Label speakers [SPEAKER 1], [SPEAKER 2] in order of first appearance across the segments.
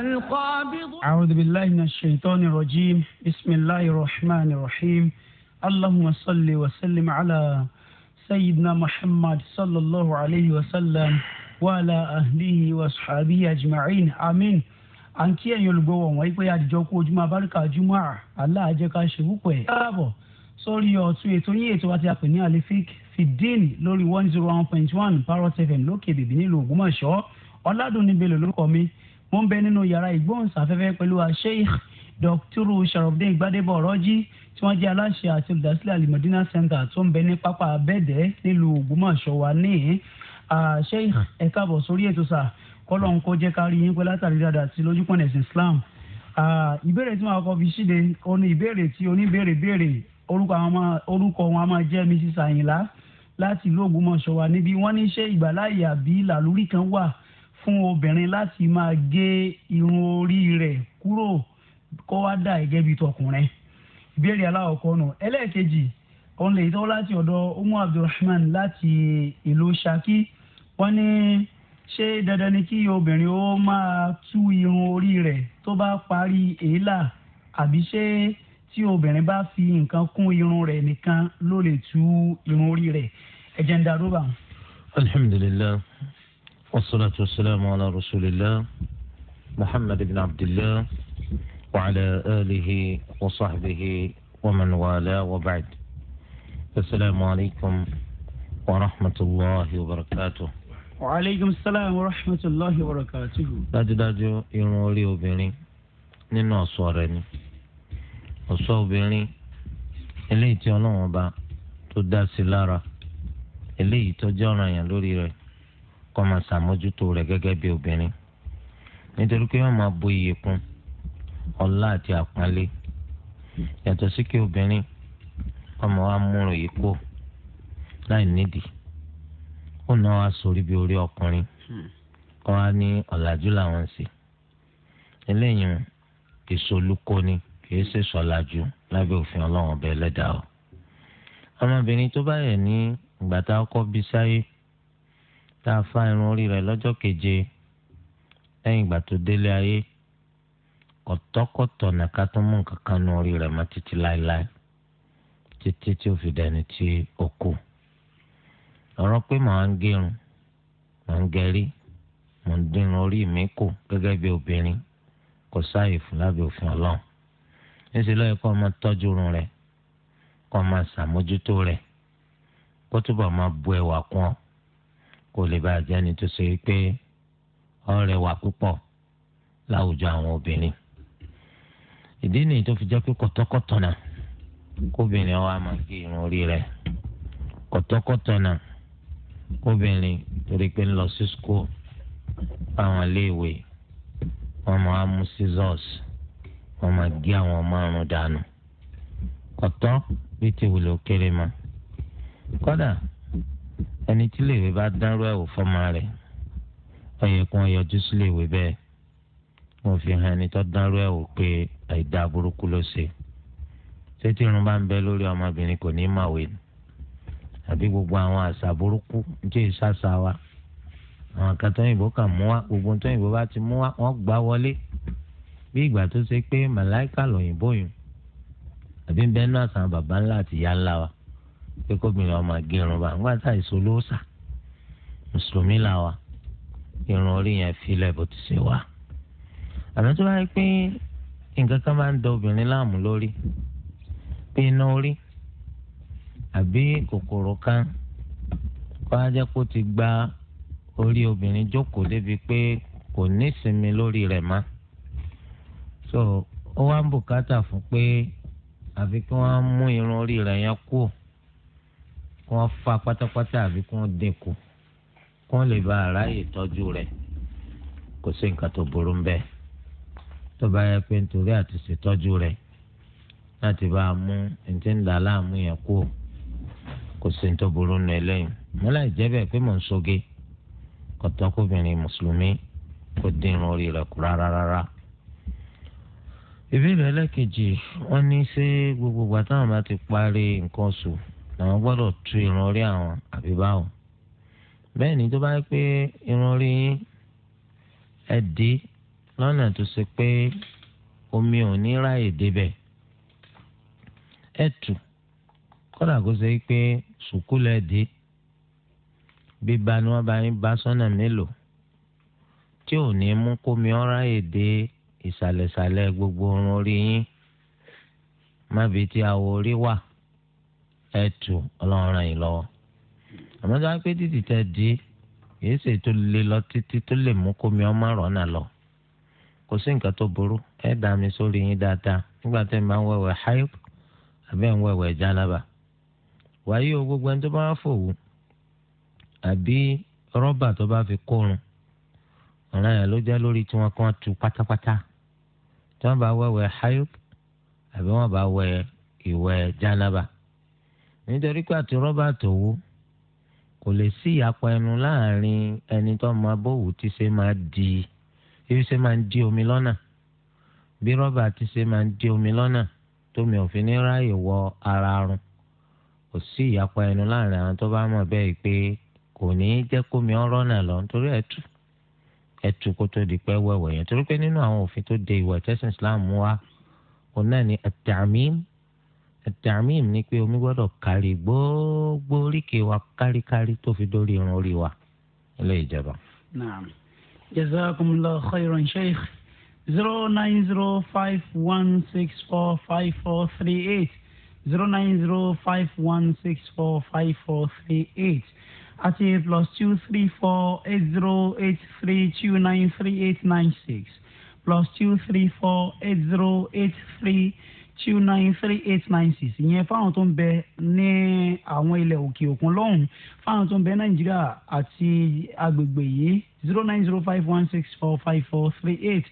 [SPEAKER 1] القابض أعوذ بالله من الشيطان الرجيم بسم الله الرحمن الرحيم اللهم صل وسلم على سيدنا محمد صلى الله عليه وسلم وعلى أهله وصحبه أجمعين آمين àǹtí ẹ̀yin olùgbọ́wọ̀ wọ́n pé àdìjọ kú ojúmọ́ abáríkà ojúmọ́ aláàjẹká ṣèwúpọ̀ ẹ̀ káàbọ̀ sórí ọ̀tún ètò yín ètò wa ti àpè ní alifik fìdíìnì lórí one zero one point one parrot fm lókè bèbí nílùú Ògbómọ̀ṣọ́ ọ̀làdùn níbẹ̀ lórúkọ mi wọ́n bẹ nínú yàrá ìgbóhùnsáfẹ́fẹ́ pẹ̀lú sheikh dr sharafdin gbadebo ọ̀rọ́jì tí wọ́n jẹ́ aláṣẹ àti olùdásílẹ̀ alimọ̀dínà center tó ń bẹ ní pápá abẹ́dẹ́ nílùú ògbómọ̀ṣọ́ wa ní sheikh ẹ káàbọ̀ sórí ètò sà kọ́lọ̀ ń kó jẹ́ ká rí yín pé látàrí dáadáa sí lójúpọ̀n ẹ̀sìn islam ìbéèrè tí màá kọ́ fi ṣíde ó ní ìbéèrè tí oníbéèrè béèrè orúkọ wọn a máa jẹ́ mrs àyìnlá láti ìlú ògbómọ̀ṣọ́ wa níbi wọ́n ní ṣé ìgbàláyà bí làlúrí kan wà fún obìnrin láti máa gé irun orí rẹ̀ kúrò kó wá dà gẹ́gẹ́ bí tọkùnrin ìbéèrè aláwọ̀kọ́ nù ẹlẹ́ẹ̀kejì òun lè tọ́ láti ọ̀dọ̀ umu abdulrahman láti ìlú Ṣakí wọ́n ní ṣé dandan ni kí obìnrin ó máa tú irun orí rẹ̀ tó bá parí èélà àbí ṣé tí obìnrin bá fi nǹkan kún irun rẹ̀ nìkan ló lè tú irun orí rẹ̀ ẹ̀jẹ̀ ń darúbà.
[SPEAKER 2] alhamdulilayi والصلاة والسلام على رسول الله محمد بن عبد الله وعلى آله وصحبه ومن والاه وبعد السلام عليكم ورحمة الله وبركاته
[SPEAKER 1] وعليكم السلام ورحمة الله وبركاته
[SPEAKER 2] داجو داجو ينولي وبيني نينو أصوارني ọ̀ṣọ́ obìnrin eléyìí tí وبا ọba tó dá sí lára eléyìí kọ́ máa ṣàmójútó rẹ̀ gẹ́gẹ́ bí obìnrin nítorí pé wọ́n máa bo iye kún ọlá àti àpọ́nlé yàtọ̀ sí kí obìnrin ọmọ wa múrò yìí kó láì nídìí ó náà wá sórí bí orí ọkùnrin kọ́ wa ní ọ̀làjú làwọn sì eléyìí ìsolúkóni kìí ṣe sọ̀làjú lábẹ́ òfin ọlọ́run ọbẹ̀ ẹlẹ́dàá o ọmọbìnrin tó bá yẹ ní ìgbà tá a kọ́ bí sáyé tá a fa irun orí rẹ lọ́jọ́ keje lẹ́yìn ìgbà tó délé ayé kọ̀tọ́kọ̀tọ̀ nàka tó mú nǹkan kan nu orí rẹ̀ mọ́ títí láéláé títí tí ó fi dẹni tí ó ọ̀rọ̀ pé màá ń gẹrun màá ń gẹrí ń dín orí mi kù gẹ́gẹ́ bí obìnrin kò sáàyè fún lábẹ́ òfin ọlọ́run. níṣẹ́ bu ẹwà kún kó lè bá jẹ́ni tó ṣe pé ọ̀rẹ́ wà púpọ̀ láwùjọ àwọn obìnrin ìdí nìyí tó fi jẹ́ pé kọ̀tọ́kọ̀tọ̀ náà kóbìnrin wa máa gé irun orí rẹ̀ kọ̀tọ́kọ̀tọ̀ náà kóbìnrin torí pé ń lọ sí school báwọn iléèwé wọn máa mú scissors wọn máa gé àwọn márùn dànù kọ̀tọ́ bí ti wùlò kéré ma kódà ẹni tí iléèwé bá dánrú ẹ̀wò fọ́mọ rẹ̀ ó yẹ kí wọ́n yọjú sí iléèwé bẹ́ẹ̀ wọ́n fi hàn ẹni tó dánrú ẹ̀wò pé àìdá burúkú ló ṣe ṣé tí irun bá ń bẹ lórí ọmọbìnrin kò ní màwé ni àbí gbogbo àwọn àṣà burúkú ń jẹ́ ìṣàṣà wa àwọn kan tó yìnbó mú wa gbogbo tó yìnbó bá ti mú wa wọ́n gbá wọlé bí ìgbà tó ṣe pé màláìkà lòyìnbó yìí àbí bẹ́ẹ̀ náà sàn bàbá ńlá àti ńlá wa pé kóbìnrin ọmọ gẹrun bá ńgbà tá ìṣó ló sà mùsùlùmí là wà irun orí yẹn filẹ̀ bó ti ṣe wà. àmọ́ tó bá yẹ pé nǹkan kan máa ń da obìnrin láàmú lórí pé iná orí àbí kòkòrò kan kó á jẹ́ kó ti gba orí obìnrin jókòó débi pé kò ní ìsinmi lórí rẹ̀ mọ́. so ó wá ń bùkátà fún pé àfi kí wọ́n mú irun orí rẹ̀ yẹn kúrò kí wọ́n fa pátápátá àbí kí wọ́n dínkù kí wọ́n lè bá aráyè tọ́jú rẹ̀ kò sí nǹkan tó burú ń bẹ tó bá yẹ pé nítorí àti ṣètọ́jú rẹ̀ láti bá a mú ntí ń dà láàmú yẹn kú kò sí ní tó burú nù eléyìí mo láì jẹ́ bẹ́ẹ̀ pé mò ń soge kọ̀tọ́kùnrin mùsùlùmí kò dín irun orí rẹ̀ kú rárá rárá. ìbéèrè ẹlẹ́kejì wọ́n ní ṣé gbogbo ìgbà bá ti parí nǹkan oṣù àwọn gbọ́dọ̀ tú irun orí àwọn àbí báwo bẹ́ẹ̀ ni tó bá pé irun orí yín ẹ dé lọ́nà tó ṣe pé omi ò ní ráàyè débẹ̀ ẹ tù kódà kó ṣe pé sùkúlù ẹ dé bíbá ni wọ́n bá yín bá sọ́nà mélòó tí ò ní mú kómi ọ ráàyè dé ìsàlẹ̀sàlẹ̀ gbogbo irun orí yín má bi tí awọ orí wà ẹ tù ọlọ́run ràn yín lọ́wọ́ àmọ́ tó wá pé títì tẹ di kìí ṣe tó lé lọ títí tó lè mú kómi ọmọ rọ́nà lọ kò sí nǹkan tó burú ẹ dà mí sórí yín dáadáa nígbà tẹ́ ẹ máa ń wẹ̀wẹ̀ haib àbẹ́ ń wẹ̀wẹ̀ jálábà wàyí o gbogbo ẹni tó bá fòwú àbí rọ́bà tó bá fi kórun ọ̀ràn yẹn ló jẹ́ lórí tí wọ́n kàn tu pátápátá tí wọ́n bá wẹ̀wẹ̀ haib àbí wọ́n bá wẹ̀ ìwẹ̀ jálábà nítorí pé àti rọ́bà tòwó kò lè sí ìyapa ẹnu láàrin ẹni tó máa bówù tí ṣe máa di ibi ṣe máa ń di omi lọ́nà bí rọ́bà ti ṣe máa ń di omi lọ́nà tómi òfin ní ráàyè wọ ara arun kò sí ìyapa ẹnu láàrin àwọn tó bá mọ̀ bẹ́ẹ̀ pé kò ní í jẹ́ kómi ọ̀rọ̀ náà lọ nítorí ẹ̀tù ẹ̀tù kó tó di pé wẹ̀wẹ̀ yẹn torí pé nínú àwọn òfin tó de ìwà ẹ̀tẹ́sìn Islam wá òun náà ni at ẹ̀tàmíìm ni pé omi gbọ́dọ̀ kárí gbogbo oríkèé wa káríkárí tó fi dórí irun orí wa ilé ìjọba.
[SPEAKER 1] naam jazakumullahu khairan sheikh zero nine zero five one six four five four three eight zero nine zero five one six four five four three eight àti plus two three four eight zero eight three two nine three eight nine six plus two three four eight zero eight three two nine three eight nine six ìyẹn fáwọn tó ń bẹ ní àwọn ilẹ̀ òkè òkun lọ́hùn fáwọn tó ń bẹ nàìjíríà àti agbègbè yìí zero nine zero five one six four five four three eight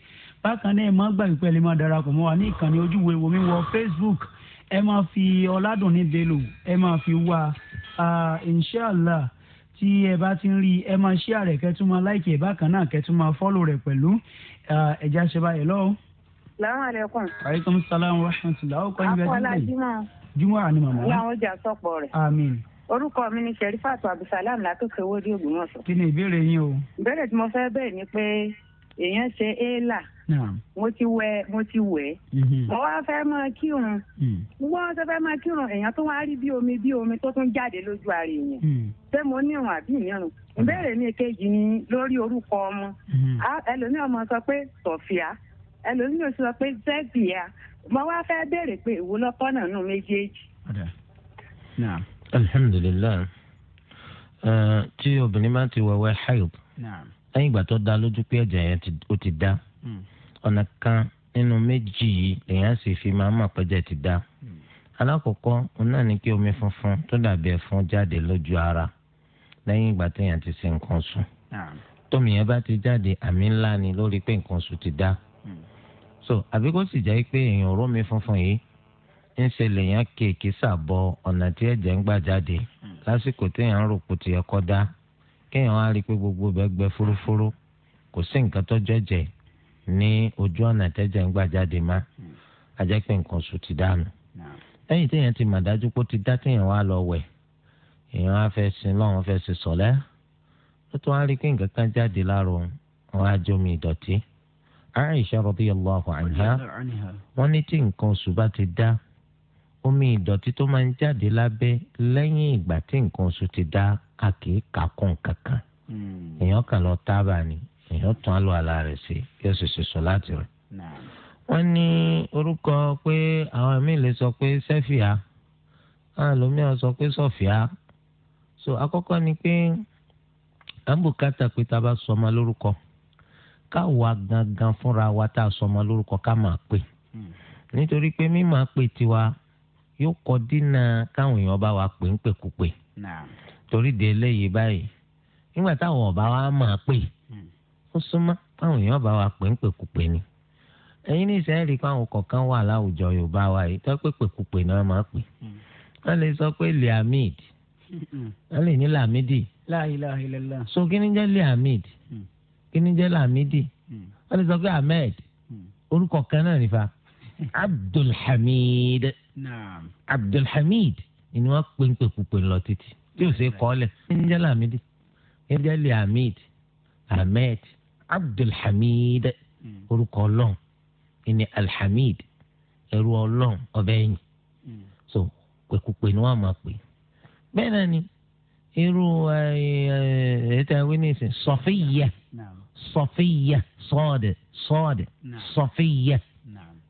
[SPEAKER 1] bákan náà ẹ má gbàgbé pé ẹ lè máa darapọ̀ mọ́ wa ní ìkànnì ojúwe wo mi wọ facebook ẹ máa fi ọ̀làdùnní bello ẹ máa fi wá inshàlá tí ẹ bá ti ń rí ẹ máa share rẹ̀ kẹ́tùmá láìkì ẹ̀ bákan náà kẹ́tùmá follow rẹ̀ pẹ̀lú ẹ̀já ṣe báyìí lọ́wọ́ salaamaleykum. aleykum salaam wa rahmatulah. aw kọ́ni bẹ́ẹ̀ jumɛn. akọ́lá jimá. jumá ani mama. ní àwọn
[SPEAKER 3] jà sọ̀pọ̀ rẹ̀. àmín. orúkọ mi ni sẹ́rífàtù abdulsalam látòkè owó dé Ògbómọ̀ṣọ́.
[SPEAKER 1] kí ni ìbéèrè yín o.
[SPEAKER 3] ìbéèrè tí mo fẹ́ bẹ̀rẹ̀ ni pé èèyàn ṣe éèlà. mo ti wẹ mo ti wẹ̀. Mhm. mo wá fẹ́ máa kírun. Mhm. wọ́n ṣe fẹ́ máa kírun èèyàn tó wá rí bí omi bí omi tó tún jáde lójú ara èèyàn. Mhm. ṣé mo ní ìrùn àbí ìnírun ìbéèrè mi kejì ni lórí orúkọ ọmọ ẹlòmíràn ọmọ sọ pé sọfìà ẹlòmíì ò sọ pé zebia mo wá fẹ́ béèrè pé èwo lọ́kọ́ náà nù méjèèjì.
[SPEAKER 2] alhamdulilayi tí obìnrin bá ti wẹ̀wẹ̀ haid lẹ́yìn ìgbà tó dá lójú pé ẹ̀jẹ̀ yẹn ó ti dá hmm. ọ̀nà kan nínú méjì yìí lèèyàn sì fi máa mọ̀ pẹ́jẹ́ ti dá hmm. alákọ̀ọ́kọ́ òun náà ní kí omi funfun tó dàbí ẹ̀fọn jáde lójú ara lẹ́yìn ìgbà téèyàn ti ṣe nǹkan sùn tómi yẹn bá ti jáde àmì ńlá ni lórí pé nǹkan sùn ti dá. Mm so àbí kó sì jẹ́ pé èèyàn rọ́ mi funfun yìí ń ṣe lèèyàn kéèké sàbọ ọ̀nà tí ẹ̀jẹ̀ ń gbà jáde hmm. lásìkò téèyàn ń rò kùtì ẹ̀kọ́ dá kéèyàn á rí i pé gbogbo bẹ́ẹ̀ gbẹ fúrúfúrú kò sí nǹkan tọ́jọ́ jẹ ní ojú ọ̀nà tẹ́jẹ̀ ń gbà jáde má hmm. ajẹ́pẹ́ nǹkan sùn ti dànù lẹ́yìn téèyàn ti mà dájú pé ó ti dá téèyàn wá lọ wẹ̀ èèyàn á fẹ́ sin lọ́wọ́n fẹ́ sin sọ̀lẹ́ ó tún á rí i pé nǹkan kan jáde láàrọ̀ wọn á jómi ìdọ̀tí aisha radiyallahu anha wọ́n ní tí nǹkan oṣù bá ti dá omi ìdọ̀tí tó máa ń jáde lábẹ́ lẹ́yìn ìgbà tí nǹkan oṣù ti dá a kì í kà kún kankan hmm. èèyàn kan lọ tábà ni èèyàn tún á lọ àlá rẹ̀ sí kí ó sì ṣe láti rẹ̀. wọ́n ní orúkọ pé àwọn míì lè sọ pé sọ pé so àkọ́kọ́ ni pé pé tá a bá sọ káwa gangan fúnra wa tá a sọmọ lórúkọ ká máa pè hmm. nítorí pé mímọ pè tiwa yóò kọ dínà káwọn èèyàn bá wa pè ń pè kúpè torí de eléyìí báyìí nígbà táwọn ọba wa máa pè hmm. ó súnmọ́ káwọn èèyàn bá wa pè ń pè kúpè ni ẹ̀yin ní ìsẹ́yìn káwọn kọ̀ọ̀kan wà láwùjọ yorùbá wa yìí tó pé pèkúpè ni wọ́n máa pè hmm. wọ́n lè sọ pé liamid wọ́n lè ní lamidi so kí ni jẹ́ liamid. kíní jẹ́ lamidi hmm. wọ́n ti sọ pé ahmed hmm. orúkọ kan náà nífa abdulhamid abdulhamid ni wọ́n pè ń pèkúpè lọ títí tí ò ṣe kọ́lẹ̀ kíní jẹ́ lamidi kíní jẹ́ lihamid ahmed abdulhamid hmm. orúkọ ọlọ́run ni alhamid ẹrú ọlọ́run ọbẹ̀ yìí so pèkúpè ni wọ́n máa pè bẹ́ẹ̀ náà ni irú ẹ̀ ẹ̀ ẹ̀ ẹ̀ tẹ̀ wí ní ìsìn sọfíyà. Naam sọfíyẹ sọọdẹ sọọdẹ sọfíyẹ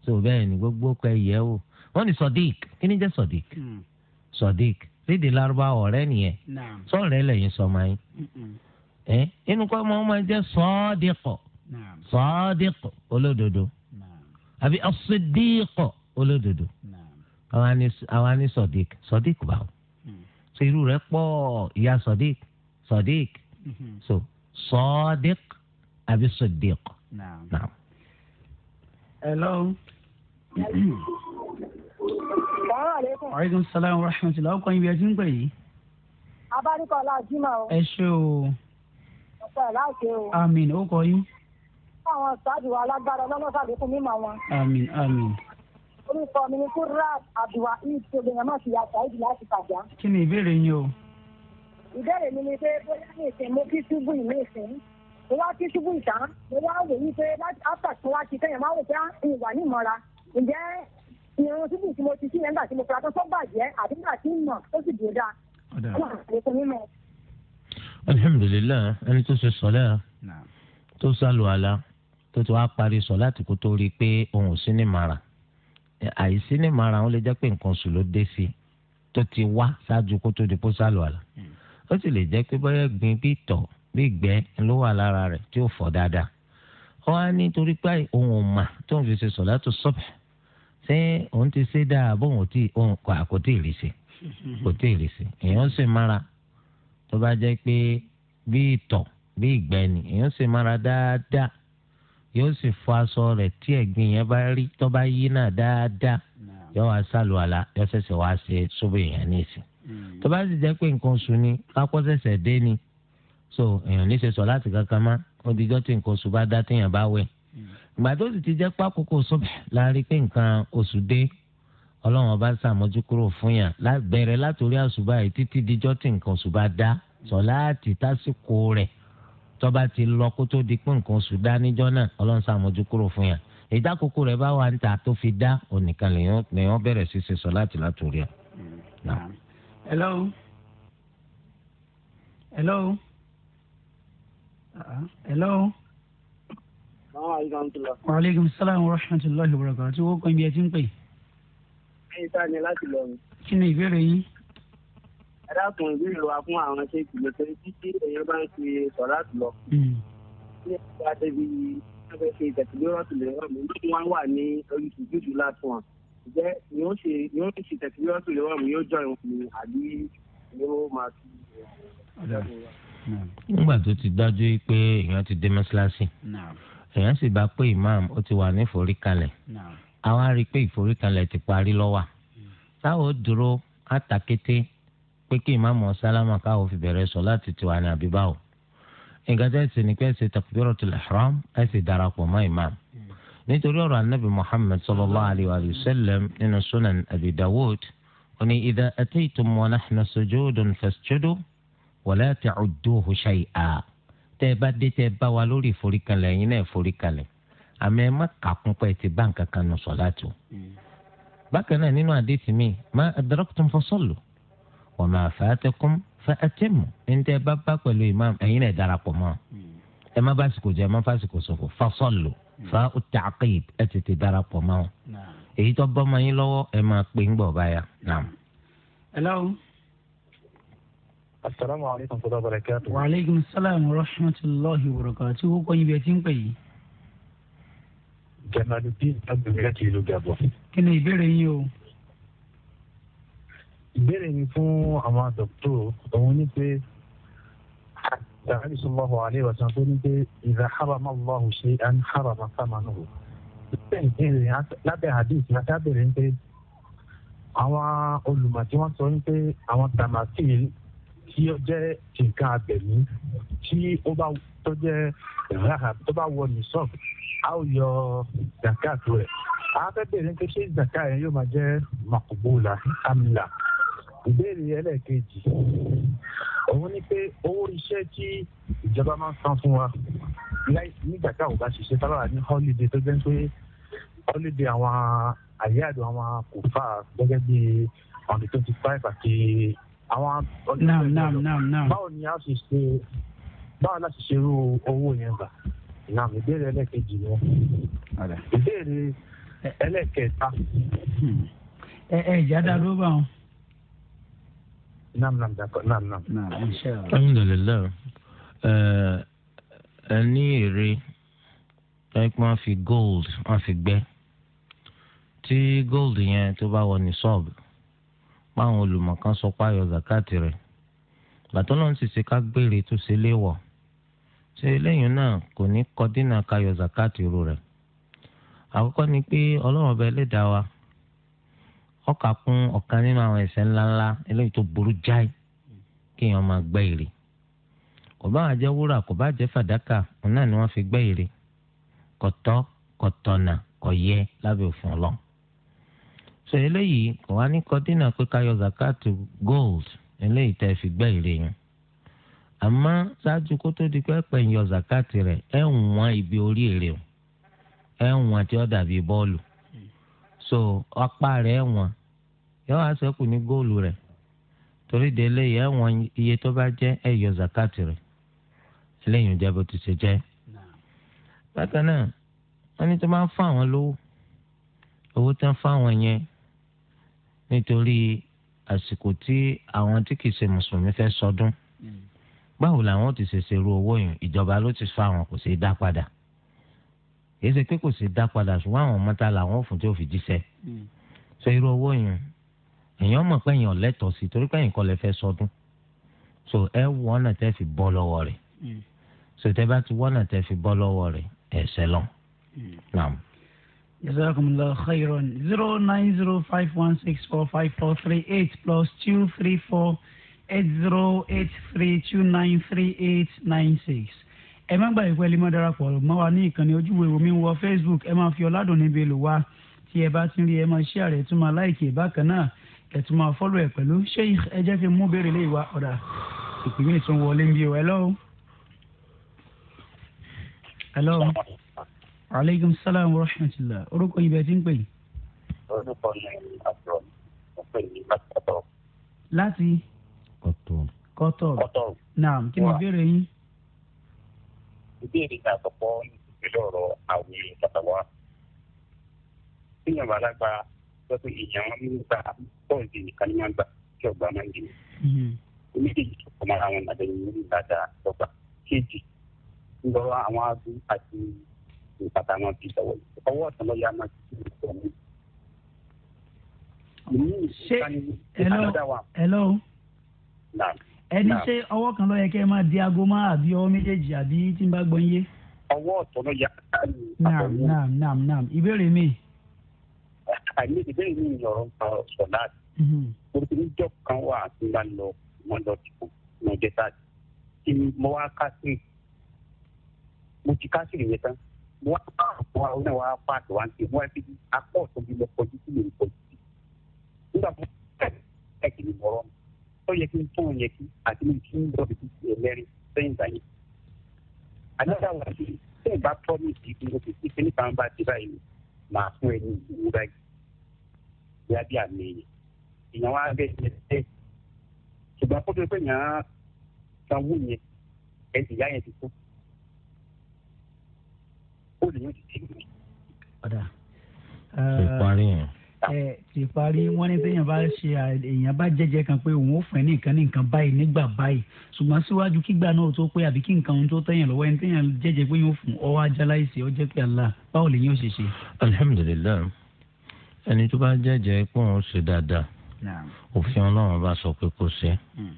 [SPEAKER 2] tó bẹ́ẹ̀ ni gbogbo pẹ́ yẹ o wọ́n ní sọdík kí ni jẹ́ sọdík hmm. sọdík lédè lárúbáwá ọ̀rẹ́ nìyẹn sọ̀rẹ́ lẹ́yìn sọmọ yín ẹ inú kọ́ ọmọ ọmọ jẹ́ sọ́ọ́dẹ́kọ̀ sọ́ọ́dẹ́kọ̀ olódodo àbí ọ̀sídẹ́kọ̀ olódodo àwa ní sọdík sọdík báwo so irú rẹ̀ pọ̀ ìyá sọdík sọdík mm-hmm. so sọ́ọ́dẹ́kọ̀ àbí sadiq.
[SPEAKER 1] hello.
[SPEAKER 3] salaamaleykum.
[SPEAKER 1] aleykum salaam wa rahmatulah ọkọ ibi ẹtí ń pè yìí.
[SPEAKER 3] abáríkọ làjúmọ̀ o. ẹ ṣé o. ọ̀pọ̀ láti o.
[SPEAKER 1] àmín ó kọ yín.
[SPEAKER 3] àwọn sáàdùwà alágbára ọlọ́mọ́sàdékùn mímọ́ wọn. àmín àmín orúkọ mi ni kúrát abdulwa ìtì obìnrin máa fi yàtọ̀ ìdí láti pàjá.
[SPEAKER 1] kí ni ìbéèrè yín o.
[SPEAKER 3] ìbéèrè mi ni pé bóyá ní ìsìn mo kí túbú ìmí ìsìn mo wá kí ṣubú ìta mo wá wò yí pé after tí mo wá kí sẹ́yìn máa wò pé ìwà ah, ní ìmọ̀ra ǹjẹ́ irun ṣubú tí mo ti sí yẹn nígbà tí mo fura tó sọ́gbàjẹ́ àti nígbà tí mo tó sì dúró dáa ọlọ́run àlékún mímọ́.
[SPEAKER 2] alhamdulilayi ẹni tó ṣe sọlẹ tó sálù àlá tó ti wá parí sọ láti kó tó rí i pé òun ò sí ní mara àìsí ní mara òun lè jẹ́ pé nǹkan sùn ló dé sí tó ti wá ṣáájú kó tó di kó sálù àlá hmm. ó sì lè jẹ́ pé bóyá gbin bí tọ̀ bí ìgbẹ́ ló wà lára rẹ̀ tí ó fọ̀ dáadáa ó wá nítorí pé òun ò mà tó ń fi ṣe sọ̀látù sọ́bà ṣé òun ti ṣe dáa bóun ò tí òun kọ àkótí ìrìsì kò tí ìrìsì èèyàn sì mára tó bá jẹ́ pé bí ìtọ̀ bí ìgbẹ́ ni èèyàn sì mára dáadáa yóò sì fọ aṣọ rẹ̀ tí ẹ̀gbin yẹn bá rí tó bá yí náà dáadáa yóò wá sálù àlá yóò ṣẹ̀ṣẹ̀ wá ṣe sóbì yẹn ní ìsìn hmm. tó bá sì jẹ́ pé nǹkan oṣù ni kápọ́ ṣẹ̀ṣẹ̀ dé ni so èèyàn ní í ṣe sọ láti kankan má odijọ́ tí nǹkan oṣù bá dá téèyàn bá wẹ̀ ìgbà tó sì ti jẹ́ pákókó sọ́bẹ̀ láàrin pé nǹkan oṣù dé ọlọ́run ọba ṣàmójú kúrò fún yàn bẹ̀rẹ̀ látòrí àṣùbà yìí títí dijọ́ tí nǹkan oṣù bá dá sọ láti tásìkò rẹ̀ tọ́ba ti lọ kó tó di pé nǹkan oṣù dá níjọ́ náà ọlọ́run ṣàmójú kúrò fún yàn ìdákòókò rẹ̀ bá wà ń ta tó fi dá ònìkan lèèyàn bẹ̀rẹ̀ sí ṣe sọ láti látòrí ẹ̀. Mm.
[SPEAKER 1] hello. hello. Uh-huh. hello. wa aleykum salaam wa rahmatulahi wa barakatuh tí wọ́n kọ́ ibi ẹ ti ń pè.
[SPEAKER 3] ẹ̀ka ni láti lọ mi.
[SPEAKER 1] kí ni ìbéèrè yín.
[SPEAKER 3] ẹ dákun ìbéèrè wa fún àwọn ṣe ìkìlọ̀ pé títí èèyàn bá ń ṣe sọ̀láàtì lọ. ní ẹ̀ka tẹ̀bi wọ́n fẹ́ ṣe ìtẹ̀síwọ́rọ̀tì lẹ́wọ̀n mi ní wọ́n wà ní orí ìtìjú láti wọn. ǹjẹ́ ni ó ṣe ìtẹ̀síwọ́rọ̀tì lẹ́wọ̀n mi yóò jọ ìwọ̀n mi àbí ni ó máa fi
[SPEAKER 2] nígbà tó ti dájú pé èèyàn ti dé mọ́ṣáláṣí èèyàn sì bá pé imam ó ti wà ní ìforíkalẹ̀ àwa rí i pé ìforíkalẹ̀ ti parí lọ́wà hmm. táwọn dúró àtàkété pé kí imam ọ̀sálámà káwọn fi bẹ̀rẹ̀ sọ láti tiwa ní àbíbáwò nǹkan tẹ́ ṣe ni pé ẹ ṣe takbiratul ihram ẹ sì darapọ̀ mọ́ imam hmm. nítorí ọ̀rọ̀ anabi muhammed sallallahu alayhi wa nínú sunan abi dawud ó ní idha ataytum wa nahnu sujudun fasjudu wala ta'udduhu shay'a tẹ́ ẹ bá dé tẹ́ ẹ bá wa lórí ìforíkalẹ̀ ẹ̀yin náà ìforíkalẹ̀ àmọ́ ẹ má kàkún pé ẹ ti bá nǹkan kan nù sọ̀láàtù. bákan náà nínú àdéhùn mi ma adraktum fasallu wa ma fatakum fa atimmu ní tẹ́ ẹ bá bá pẹ̀lú imam ẹ̀yin náà darapọ̀ mọ́ ẹ má básìkò jẹ ẹ má fásìkò ṣòfò fasallu fa ta'qib ẹ tètè darapọ̀ mọ́ èyí tó bọ́ mọ́ yín lọ́wọ́ ẹ máa pè ń gbọ̀ báyà. Hello asalaamu alaykum wa rahmatulahi. wa
[SPEAKER 1] aleykum salaam wa rahmatulahi wa barakati wo kọ́ ibi ẹ ti ń pè yìí.
[SPEAKER 3] jamaludin agbègbè láti ìlú gabon.
[SPEAKER 1] kí ni ìbéèrè yín o.
[SPEAKER 3] ìbéèrè mi fún àwọn dọ́kítọ̀ òun ni pé sàbàbí sọlọ́hu aleyhi wa sàn tó ní pé ìdá harama allahu ṣe an harama samanuhu. lábẹ́ hadith lábẹ́ rẹ̀ ń pé àwọn olùmọ̀ wọ́n sọ ń pé àwọn tamasil tí ó jẹ́ nǹkan abẹ̀mí tí ó bá tó jẹ́ tó bá wọ nìṣọ́ọ̀ a ó yọ zakat rẹ̀ a fẹ́ bẹ̀rẹ̀ pé ṣé zakat yẹn yóò máa jẹ́ makubula amla ìbéèrè ẹlẹ́ẹ̀kejì òun ni pé owó iṣẹ́ tí ìjọba máa ń san fún wa nígbà tá a ò bá ṣiṣẹ́ tá a bá ní họ́lídé tó jẹ́ pé họ́lídé àwọn àyáàdùn àwọn kò fà gẹ́gẹ́ bí on twenty five àti àwọn. naam naam naam naam. báwo ni a ṣe ṣe báwo la ṣe ṣerú owó yẹn gbà naam ìbéèrè ẹlẹ́kejì ni ìbéèrè ẹlẹ́kẹta. Hmm. ẹ
[SPEAKER 1] ẹ ìjà dá ló bá wọn.
[SPEAKER 2] naam naam
[SPEAKER 3] dakọ naam naam.
[SPEAKER 2] alhamdulilayi ẹ ní èrè láìpẹ́ wọ́n fi gold wọ́n fi gbẹ́ tí gold yẹn tó bá wọ ní sọ́ọ̀bù. páwọn olùmọ̀kan sọ pé ayọ̀ zakati rẹ̀ gbàtọ́ náà ń ṣiṣẹ́ ká gbére tó ṣe léwọ̀ ṣe eléyìí náà kò ní kọ dínà kayọ̀ zakati ru rẹ̀ àkọ́kọ́ ni pé ọlọ́run ọba ẹlẹ́dàá wa ọkà kún ọ̀kan nínú àwọn ẹ̀ṣẹ̀ ńláńlá eléyìí tó burú jáì kéèyàn máa gbẹ́ ère kò bá wà jẹ́ wúrà kò bá jẹ́ fàdákà òun náà ni wọ́n fi gbẹ́ ère kọ̀tọ́ kọ̀tọ̀nà kọ̀yẹ lábẹ́ òfin ọlọ́run so eléyìí kò wá ní kọdínà pé ká yọ zakat gold eléyìí tẹ́ fi gbẹ́ ìrè yẹn àmọ́ ṣáájú kó tó di pẹ́pẹ́ yọ zakat rẹ̀ ẹ̀ wọ́n ibi orí èrè o ẹ̀ wọ́n tí ó dàbí bọ́ọ̀lù so ọ̀pá rẹ̀ ẹ̀ wọ́n yọ wá sẹ́kù ní góòlù rẹ̀ torí de eléyìí ẹ̀ wọ́n iye tó bá jẹ́ ẹ̀ yọ zakat rẹ̀ eléyìí ò jẹ́ bó ti ṣe jẹ́ bákan náà wọ́n ní tó máa ń fún àwọn lówó owó tó ń fún àwọn yẹn nítorí àsìkò tí àwọn tí kìí ṣe mùsùlùmí fẹ́ sọdún hmm. báwo làwọn ti ṣèṣe ru owó yìí ìjọba ló ti fa àwọn kò ṣeé dá padà èyí ṣe pé kò ṣeé dá padà ṣùgbọ́n àwọn ọmọ ta làwọn fún tí ó fi jíṣẹ́ ṣe hmm. irú owó yìí èèyàn mọ̀ pé èèyàn lẹ́tọ̀ọ́ sí torí pé èèyàn kọ́ lè fẹ́ sọdún so ẹ wọ ọ̀nà tẹ́ fi bọ́ lọ́wọ́ rẹ̀ hmm. so tẹ́ bá ti wọ ọ̀nà tẹ́ fi bọ́ lọ́wọ́ rẹ̀ ẹ̀ ṣẹlọ́n
[SPEAKER 1] jazakumullah khairan zero nine zero five one six four five four three eight plus two three four eight zero eight three two nine three eight nine six. ẹ má gbàgbé pé ẹlẹ́mọ̀ darapọ̀ mọ́ wa ní ìkànnì ojúwe omi wọ facebook ẹ máa fi ọ̀làdùn níbi èlò wa tí ẹ bá ti ń rí ẹ máa share ẹ tún máa like ẹ bákan náà ẹ tún máa follow ẹ pẹ̀lú ṣé ẹ jẹ́ kí n mú béèrè lè wa ọ̀dà ìpínlẹ̀ ìtúnwọlé ń bí o hello. hello aleykum salaam wa rahmatulah orúkọ yìí bẹ́ẹ̀ ti ń pè yìí.
[SPEAKER 4] orúkọ mi àbúrò mo pè
[SPEAKER 1] ní mákàtọ. láti. kọtọ. kọtọ. kọtọ. naam kí ni ìbéèrè yín.
[SPEAKER 3] ìbéèrè náà kọ́kọ́ ìpínlẹ̀ ọ̀rọ̀ àwìn ìtàtàwá. síyàn bàbá gba sọ pé èèyàn wọn ń gba bọ́ọ̀lù nìkan ní wọn gbà kí ọgbà máa ń jìnnà. oníkejì tó kọ́ mọ́ra wọn àbẹ̀yìn nígbà dáa ọgbà kéèjì ń lọ àwọn aago àti bàtà wọn fi sọwọ ọwọ́ ọ̀sán lọ yá máa ti sọ mi.
[SPEAKER 1] ṣé hello hello ẹni ṣé ọwọ́ kan ló yẹ kẹ́ ẹ máa di aago máa àbí ọwọ́ méjèèjì àbí tí n bá gbọ́ yé. ọwọ́ ọ̀sán lọ yá. naam naam naam naam ìbéèrè mi.
[SPEAKER 3] àìní ìbéèrè mi ni ọ̀rọ̀ nípa sọ̀dá. Mhm. orúkọ níjọ́ kan wà tí n bá lọ wọn lọ dìbò ní ọjọ́ sáà tí mo wá kásìrì mo ti kásìrì yẹn tán wọ́n á wá ọ̀nà wá pàṣẹ wá ń ṣe wọ́n á fi apá ọ̀tún bí lọ kọjú sí lè kọjú sí. nígbà tó ẹ̀ kì í mọ̀rọ̀ mi tó yẹ kí n tún yẹ kí àti mi kí n lọ bí ti ẹlẹ́rìí sẹ́yìn gbà yẹn. àdúrà wà sí sẹ́yìn bá tọ́ ní ìdí kí n kò sí kí nípa bá ti báyìí màá fún ẹ ní ìwú báyìí. ìyá bí àmì èèyàn èèyàn wá bẹ́ẹ̀ ní ẹ̀ ṣùgbọ́n kó tó pé èèyàn sanwó yẹn ẹ̀ ó lè yóò ti tì í.
[SPEAKER 1] ọ̀dà ìparí yẹn. ẹ ìparí wọn ní sẹ́yìn bá ṣe èèyàn bá jẹ́jẹ́ kan pé òun ò fẹ́ nìkan ní nǹkan báyìí nígbà báyìí ṣùgbọ́n síwájú kígbà náà tó pé àbí kí nǹkan ohun tó tẹ̀yìn lọ́wọ́ ẹni tẹ̀yìn jẹ́jẹ́ pé yóò fún ọwọ́ ajá láìsí ọjọ́ pé àlá
[SPEAKER 2] báwo lè yín ò ṣe ṣe. alihamudulilayi ẹni tó bá jẹ́jẹ́ pé òun ṣe dáadáa òfin ọlọ́run bá sọ pé kó ṣe hmm.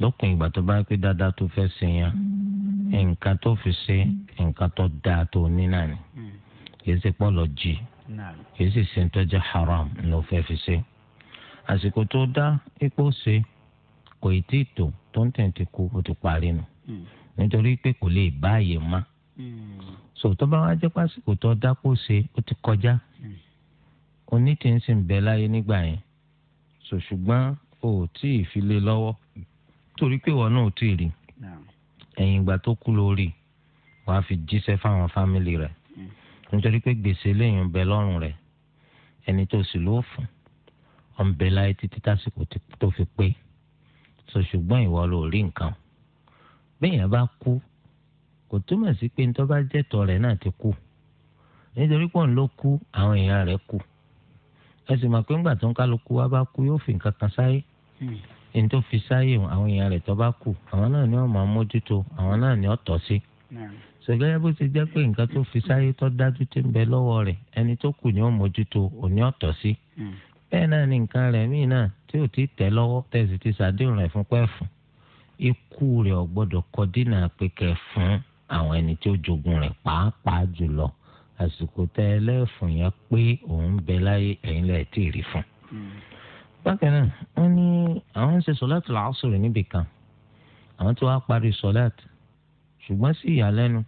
[SPEAKER 2] lópin ìgbà tó bá pé dáadáa tó fẹ́ ṣe yẹn hmm nǹkan tó fi ṣe nǹkan tó dáa tó ní náà ni hmm. kìí ṣe pọ́ lọ jí kìí sì ṣe tó jẹ́ haram ló fẹ́ fi ṣe àsìkò tó dá ipò ṣe kò ì tí tò tó ń tẹ̀ ti kú ó ti parí nu hmm. nítorí pé kò lè bá má hmm. so tó bá wá jẹ́ pásìkò tó dá kó ṣe ó ti kọjá onítìǹsìn bẹ láyé nígbà yẹn so ṣùgbọ́n o ò tí ì fi lé lọ́wọ́ torí pé ìwọ náà ò tí ì rí ẹ̀yìn ìgbà tó kú lórí wàá fi jíṣẹ́ fáwọn fámìlì rẹ̀ mm. nítorí pé gbèsè lẹ́yìn bẹ lọ́rùn rẹ̀ ẹni tó sì ló fún ọ̀nbẹ láyé títí tásìkò tó fi pé so ṣùgbọ́n ìwọ ló rí nǹkan bẹ́ẹ̀yàn bá kú kò túmọ̀ sí pé nítorí bá jẹ́tọ̀ rẹ̀ náà ti kú nítorí pọ̀ ló kú àwọn èèyàn rẹ̀ kú ẹ sì mọ̀ pé ńgbà tó ń kálukú wa bá kú yóò fi nǹkan kan sáyé mm. ẹni tó fi sáyè àwọn èèyàn rẹ̀ tó bá kù àwọn náà ni wọ́n máa mójútó àwọn náà ni wọ́n tọ́ sí. sọgẹ́yà bó ti jẹ́ pé nǹkan tó fi dájú ń bẹ lọ́wọ́ rẹ̀ ẹni tó ni wọ́n mójútó òní ọ̀tọ̀ sí. bẹ́ẹ̀ náà ni nǹkan rẹ̀ míì náà tí ti ti sàdéhùn àwọn ń ṣe sọláàtì làásùrù níbì kan àwọn tí wàá parí sọláàtì ṣùgbọ́n sí ìyàlẹ́nu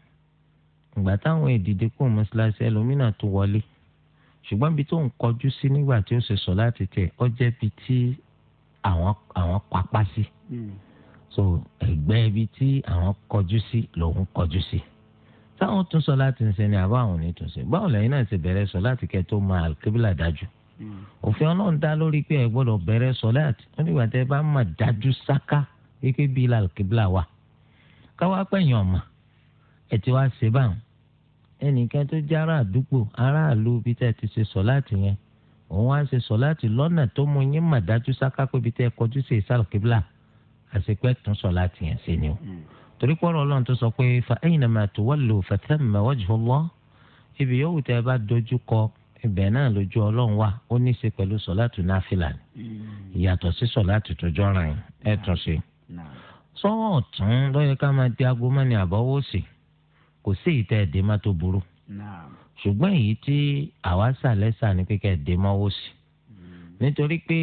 [SPEAKER 2] ìgbà táwọn èdìdì kò mọ́ṣáláṣí ẹlòmínà tó wọlé ṣùgbọ́n ibi tó ń kọjú sí nígbà tí ó ṣe sọláàtì tẹ̀ ọ jẹ́ ibi tí àwọn àwọn sí hmm. so ẹgbẹ́ ibi tí àwọn kọjú sí lòun kọjú sí táwọn tún sọláàtì ń ṣe ni àbá àwọn ò ní tún ṣe báwo lẹ́yìn náà ṣe bẹ̀rẹ̀ sọláàtì kẹ́ tó máa alkébìlà dájú òfin ọlọ́run dá lórí pé ẹ gbọ́dọ̀ bẹ̀rẹ̀ sọ́láàtì ó nígbà tẹ́ bá mà dájú sáká wípé bíi làlùkìbìlà wà káwá pẹ̀yìn ọ̀mà ẹ̀ ti wá ṣe báwọn ẹnìkan tó jẹ́ ará àdúgbò aráàlú bí tẹ́ ti ṣe sọ́láàtì yẹn òun á ṣe sọ́láàtì lọ́nà tó mú yín mà dájú sáká pé bí tẹ́ kọjú sí ìsàlùkìbìlà àṣepẹ́ tún sọ́láàtì yẹn ṣe ni o hmm. torí pọ́nrọ́ ọlọ́run tó sọ pé fa aynama tuwallu fatamma wajhullah ibi yòówù ibẹ̀ náà lójú ọlọ́run wà ó ní í ṣe pẹ̀lú sọ̀láàtù náfìlà ni hmm. ìyàtọ̀ sí sọ̀láàtù tọjọ́ ràn ẹ̀ hmm. tún ṣe. Hmm. sọ́wọ́ ọ̀tún lọ́yẹ ká máa di aago mọ́ni àbọ̀wọ́ sí kò sí ìtẹ́ ẹ̀dẹ́ má tó burú. ṣùgbọ́n èyí tí àwa sàlẹ̀ sà ní pé kẹ́ẹ̀dẹ́ mọ́wọ́ sí. nítorí pé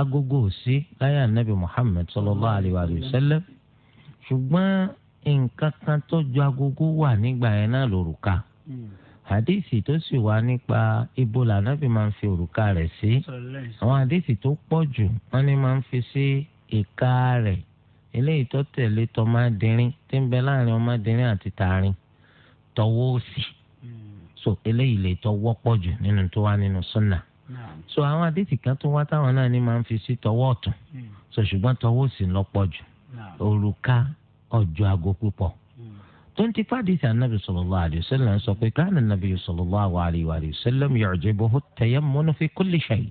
[SPEAKER 2] agogo ò sí láyé ànábì Muhammad sallallahu alayhi wa sallam ṣùgbọ́n nǹkan kan tó ju agogo wà nígbà yẹn náà lòrùka hadithi tó sì wá nípa ibo lànàbì máa ń fi òrùka rẹ̀ sí àwọn hadithi tó pọ̀ jù wọ́n ní máa ń fi sí ìka rẹ̀ eléyìí tó tẹ̀lé tọmọdérin tí ń bẹ láàrin ọmọdérin àti tààrin tọwọ́ òsì so eléyìí lè tọ́ wọ́pọ̀ jù nínú tó wá nínú súnà so àwọn àdéhìí kan tó wá táwọn náà ní máa ń fi sí tọwọ́ ọ̀tún so ṣùgbọ́n tọwọ́ òsì lọ́pọ̀ jù òrùka ọjọ́ aago púpọ̀ tó ń ti fàdísì anabi sallallahu alayhi wa sallam sọ pé káàní anabi sallallahu alayhi wa sallam yu'jibuhu tayammunu fi kulli shay.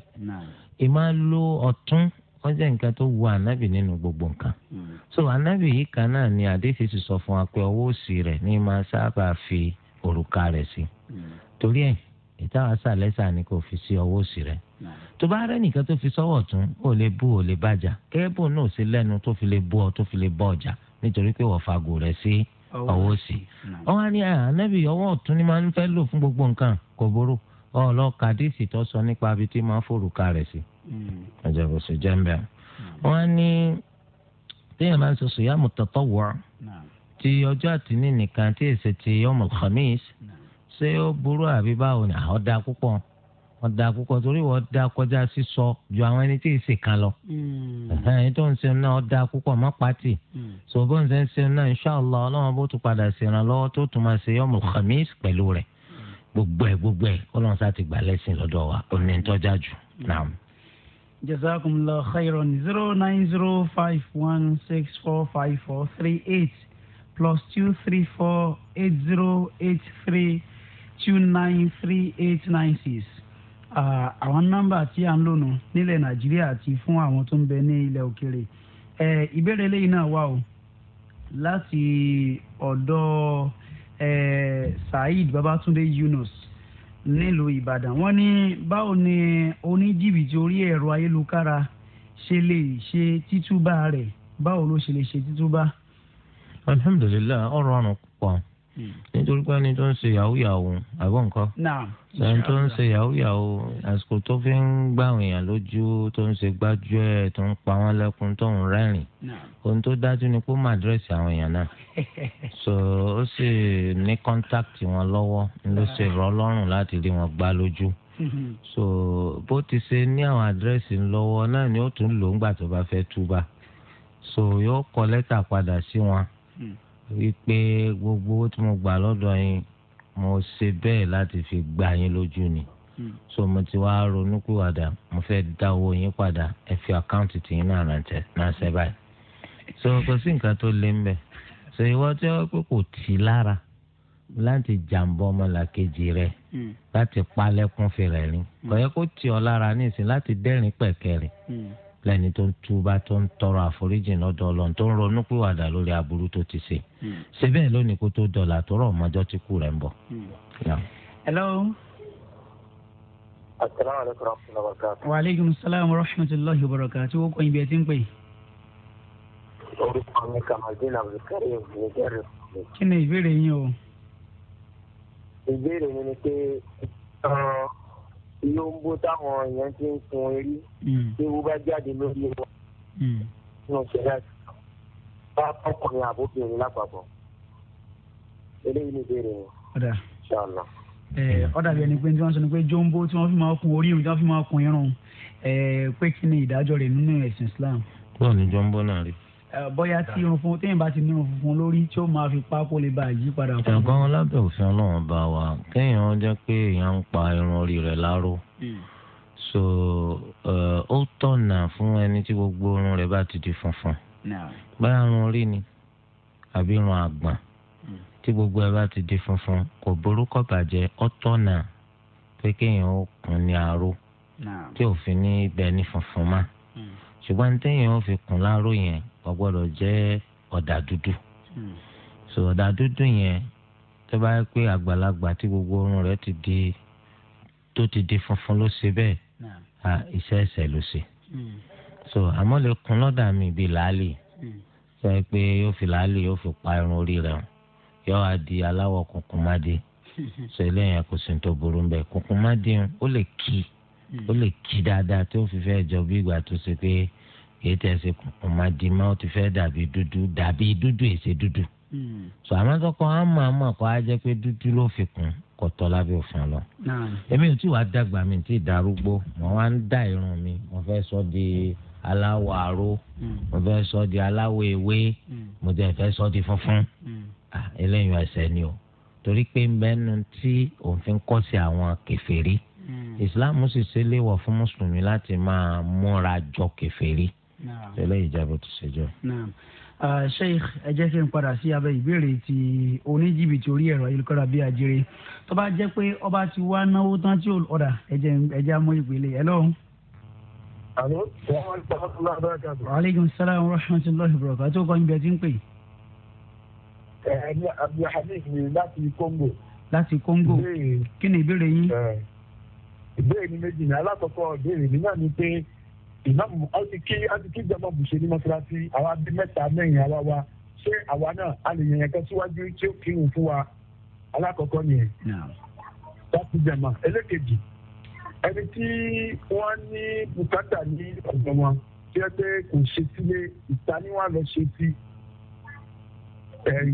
[SPEAKER 2] ìmá lo ọ̀tún wọ́n jẹ́ nǹkan tó wu anabi nínú gbogbo nǹkan. Hmm. so anabi yìí kan náà ni àdéhìí ti sọ fún wa pé ọwọ́ òsì rẹ̀ ní máa sábà fi òrùka rẹ̀ sí. Hmm. torí ẹ̀ ìtawà sàlẹ́sà ni kò fi sí ọwọ́ òsì rẹ̀. tó bá rẹ́ nìkan tó fi sọ́wọ́ ọ̀tún ò lè bú ò lè bàjá kẹ́ẹ́bù náà sí lẹ́nu tó fi lè bú ọ tó fi lè bọ́ ọjà nítorí pé wọ́n fagò rẹ̀ sí ọwọ́ òsì ọwọ́ ni ah, ànábì ọwọ́ ọ̀tún ni máa ń fẹ́ lò fún gbogbo nǹkan kò burú ọlọ́ọ̀ka díìsì tó sọ nípa ibi tí máa forúkà rẹ̀ sí hmm. ọjọ́bọ̀ sí jẹ́ńbẹ́ hmm. wọ́n ní téèyàn máa ń sọ sùyàmù tatawwu ti ọjọ́ àtìní nìkan tí èsì ti yọmul khamis ṣé ó burú àbí báwo ni àọ́dá púpọ̀ ọ̀dà púpọ̀ torí wọ́n da kọjá sísọ ju àwọn ẹni tí ì ṣe kan lọ. Hmm. ẹni tó ń ṣe náà ọ̀dà púpọ̀ má pàtì. Hmm. sọ̀bọ̀ ń ṣe ń náà inṣàlá ọlọ́run bó tún padà ṣèrànlọ́wọ́ tó tún máa ṣe yọmọ khamis pẹ̀lú rẹ̀ gbogbo ẹ̀ gbogbo ẹ̀ ọlọ́run sá ti gbà lẹ́sìn lọ́dọ̀ wa òní ń tọ́jà jù.
[SPEAKER 1] khairan zero nine zero five one six four five four three eight plus two three four eight zero eight three two nine three eight nine six àwọn nọ́mbà tí à ń lò nù nílẹ̀ nàìjíríà àti fún àwọn tó ń bẹ ní ilẹ̀ òkèèrè ìbéèrè eléyìí náà wà o láti ọ̀dọ̀ saheed babatunde yunus nílùú ìbàdàn wọ́n ní báwo ni oníjìbìtì orí ẹ̀rọ ayélujára ṣe lè ṣe títúbà rẹ̀ báwo ló ṣe lè ṣe títúbà.
[SPEAKER 2] alhamdulilayi ọ̀rọ̀ àrùn pọ̀ nítorí pé ẹni tó ń ṣe yahoo yahoo àbọ̀ nǹkan ẹni tó ń ṣe yahoo yahoo àsìkò tó fi ń gbà àwọn èèyàn lójú tó ń ṣe gbájú ẹ̀ tó ń pa wọ́n lẹ́kún tó ń rẹ́rìn ohun tó dájú ni kó má dírẹ́sì àwọn èèyàn náà so ó sì ní kọ́ńtáàkì wọn lọ́wọ́ ló ṣe rọ̀ lọ́rùn láti rí wọn gbá lójú so bó ti ṣe ní àwọn àdírẹ́sì lọ́wọ́ náà ni ó tún lò ńgbà tó bá fẹ́ túbà so yóò kọ lẹ́tà padà sí wọn. Hmm wípé gbogbo owó tí mo gbà lọ́dọ̀ yín mo ṣe bẹ́ẹ̀ láti fi gbà yín lójú ni hmm. so mo ti wá ronúpìwàdà mo fẹ́ dá owó yín padà ẹ fi àkáǹtì tìyín náà ránṣẹ́ báyìí so kò sí nǹkan tó lé ń so ìwọ tí wọ́n pé kò tì í lára láti jàǹbọ ọmọlàkejì rẹ hmm. láti palẹ̀kùn fèrè rí hmm. kò yẹ kó tì ọ lára nísìn láti dẹ́rìn pẹ̀kẹ́ rẹ̀ lẹ́ni tó ń túbá tó ń tọrọ àforíjì lọ́dọ̀ ọlọ́run tó ń ronú pìwàdà lórí aburú tó ti ṣe
[SPEAKER 1] hmm.
[SPEAKER 4] ṣe
[SPEAKER 2] bẹ́ẹ̀ lónìí kó tó dọ̀là tó rọ̀ ọmọjọ́ tí kú rẹ̀ ń bọ̀. Hmm.
[SPEAKER 1] hello. asalaamualeykum wa rahmatulahi. wa aleykum salaam wa rahmatulahi wa barakati wo kàn yín bí ẹ ń pè.
[SPEAKER 3] orúkọ mi kamaldeen abdulkareem niger.
[SPEAKER 1] kí ni ìbéèrè yín o.
[SPEAKER 3] ìbéèrè mi ni pé. Uh, yombo táwọn èèyàn ti ń sun eré hmm. tí ewu bá jáde lórí wọn hmm. nínú ṣẹlẹ̀ bá ọkùnrin àbóbìnrin lápapọ̀ eléyìí ni ìbéèrè
[SPEAKER 1] wọn. ọ̀dà bí ẹni pé tí wọ́n sọ ni pé jombo tí wọ́n fi máa kun orí irun tí wọ́n fi máa kun irun pé kí ni ìdájọ́ rẹ̀ nínú ẹ̀sìn Islam.
[SPEAKER 2] bọ́ọ̀ ni jombo náà rí.
[SPEAKER 1] Eh, bóyá tí irun fún téèyàn bá ti nírun funfun lórí tí ó máa fi pákó lè bá yí padà. ṣùgbọ́n
[SPEAKER 2] lábẹ́ òfin ọlọ́run bá wa kéèyàn jẹ́ pé èèyàn ń pa irun orí rẹ̀ láró hmm. so eh, ó tọ̀nà fún ẹni tí gbogbo irun rẹ̀ bá ti di funfun báyà irun orí ni àbí irun àgbọ̀n hmm. tí gbogbo ẹ bá ti di funfun kò burúkọ bàjẹ́ ó tọ̀nà pé kéèyàn ó kùn ní aró tí òfin ní ibẹ̀ ní funfun mọ́ hmm. ṣùgbọ́n téèyàn ó fi kùn láró yẹn kò gbọ́dọ̀ jẹ́ dúdú hmm. so ọ̀dà dúdú yẹn tó bá yẹ pé àgbàlagbà tí gbogbo irun rẹ̀ ti di tó ti di funfun ló ṣe bẹ́ẹ̀ à iṣẹ́ ẹ̀ṣẹ̀ ló ṣe hmm. so àmọ́ lè kun lọ́dà mi bíi làálì sọ hmm. pé yóò fi làálì yóò fi pa irun orí rẹ̀ hàn yóò wá di aláwọ̀ kùnkùn má di sọ eléyìí yẹn kò sí tó burú bẹ́ẹ̀ kùnkùn má di ó lè kí ó lè kí dáadáa tó fi fẹ́ jọ bí ìgbà tó ṣe pé kìí tẹ̀ ṣe kùmàdìmá ó ti fẹ́ dàbí dúdú dàbí dúdú èsè dúdú. Hmm. sọ àmọ́ sọ́kọ́ á mọ̀ àmọ́ kọ́ á jẹ́ pé dúdú ló fi kún kọ́ tọ́ lábẹ́ òfin lọ. èmi ò tí wàá dàgbà mi tí ìdarúgbó mo wá ń dá irun mi mo fẹ́ sọ di aláwọ̀ aró hmm. mo fẹ́ sọ di aláwọ̀ ewé hmm. mo dẹ̀ fẹ́ sọ di funfun eléyìí ẹsẹ̀ ni o torí pé mẹ́nu tí òfin kọ́ sí àwọn kèfèrí Islam sì ṣe léwọ̀ fún mùsùlùmí láti máa múra jọ kèfèrí. Mm tẹ̀lé ìjábọ̀ tó ṣe jọ. sheikh ẹ jẹ́ kí
[SPEAKER 1] n padà sí abẹ́ ìbéèrè ti oníjìbìtì orí ẹ̀rọ ayélujára bíi àjèrè tó bá jẹ́ pé ọba ti wá náwó tán tí ọ̀dà ẹ̀jẹ̀ amú ìpele ẹ̀ lọ́hùn. alo aleykum salaam wa rahmatulahi wa barakatuh tó kọ́ ń bẹ tí ń pè. ẹ̀ẹ́dì abdulhamid ni láti Congo. láti Congo
[SPEAKER 3] kí ni ìbéèrè yín. ìbéèrè mi méjì ni alákọ̀ọ́kọ́ ìbéèrè mi náà ni pé ìmáàmù a ti kí a ti kí jama bùṣe ní mọ́ṣáláṣí àwa bí mẹ́ta mẹ́rin àwa wa ṣé àwa náà a lè yẹn kan síwájú tí ó fún wa alákọ̀ọ́kọ́ nìyẹn. láti jama ẹlẹ́kejì ẹni tí wọ́n ní bùkátà ní ọ̀gbọ̀n wọn tí wọ́n pé kò ṣe sílé ìta ni wọ́n lọ ṣe sí ẹ̀rí.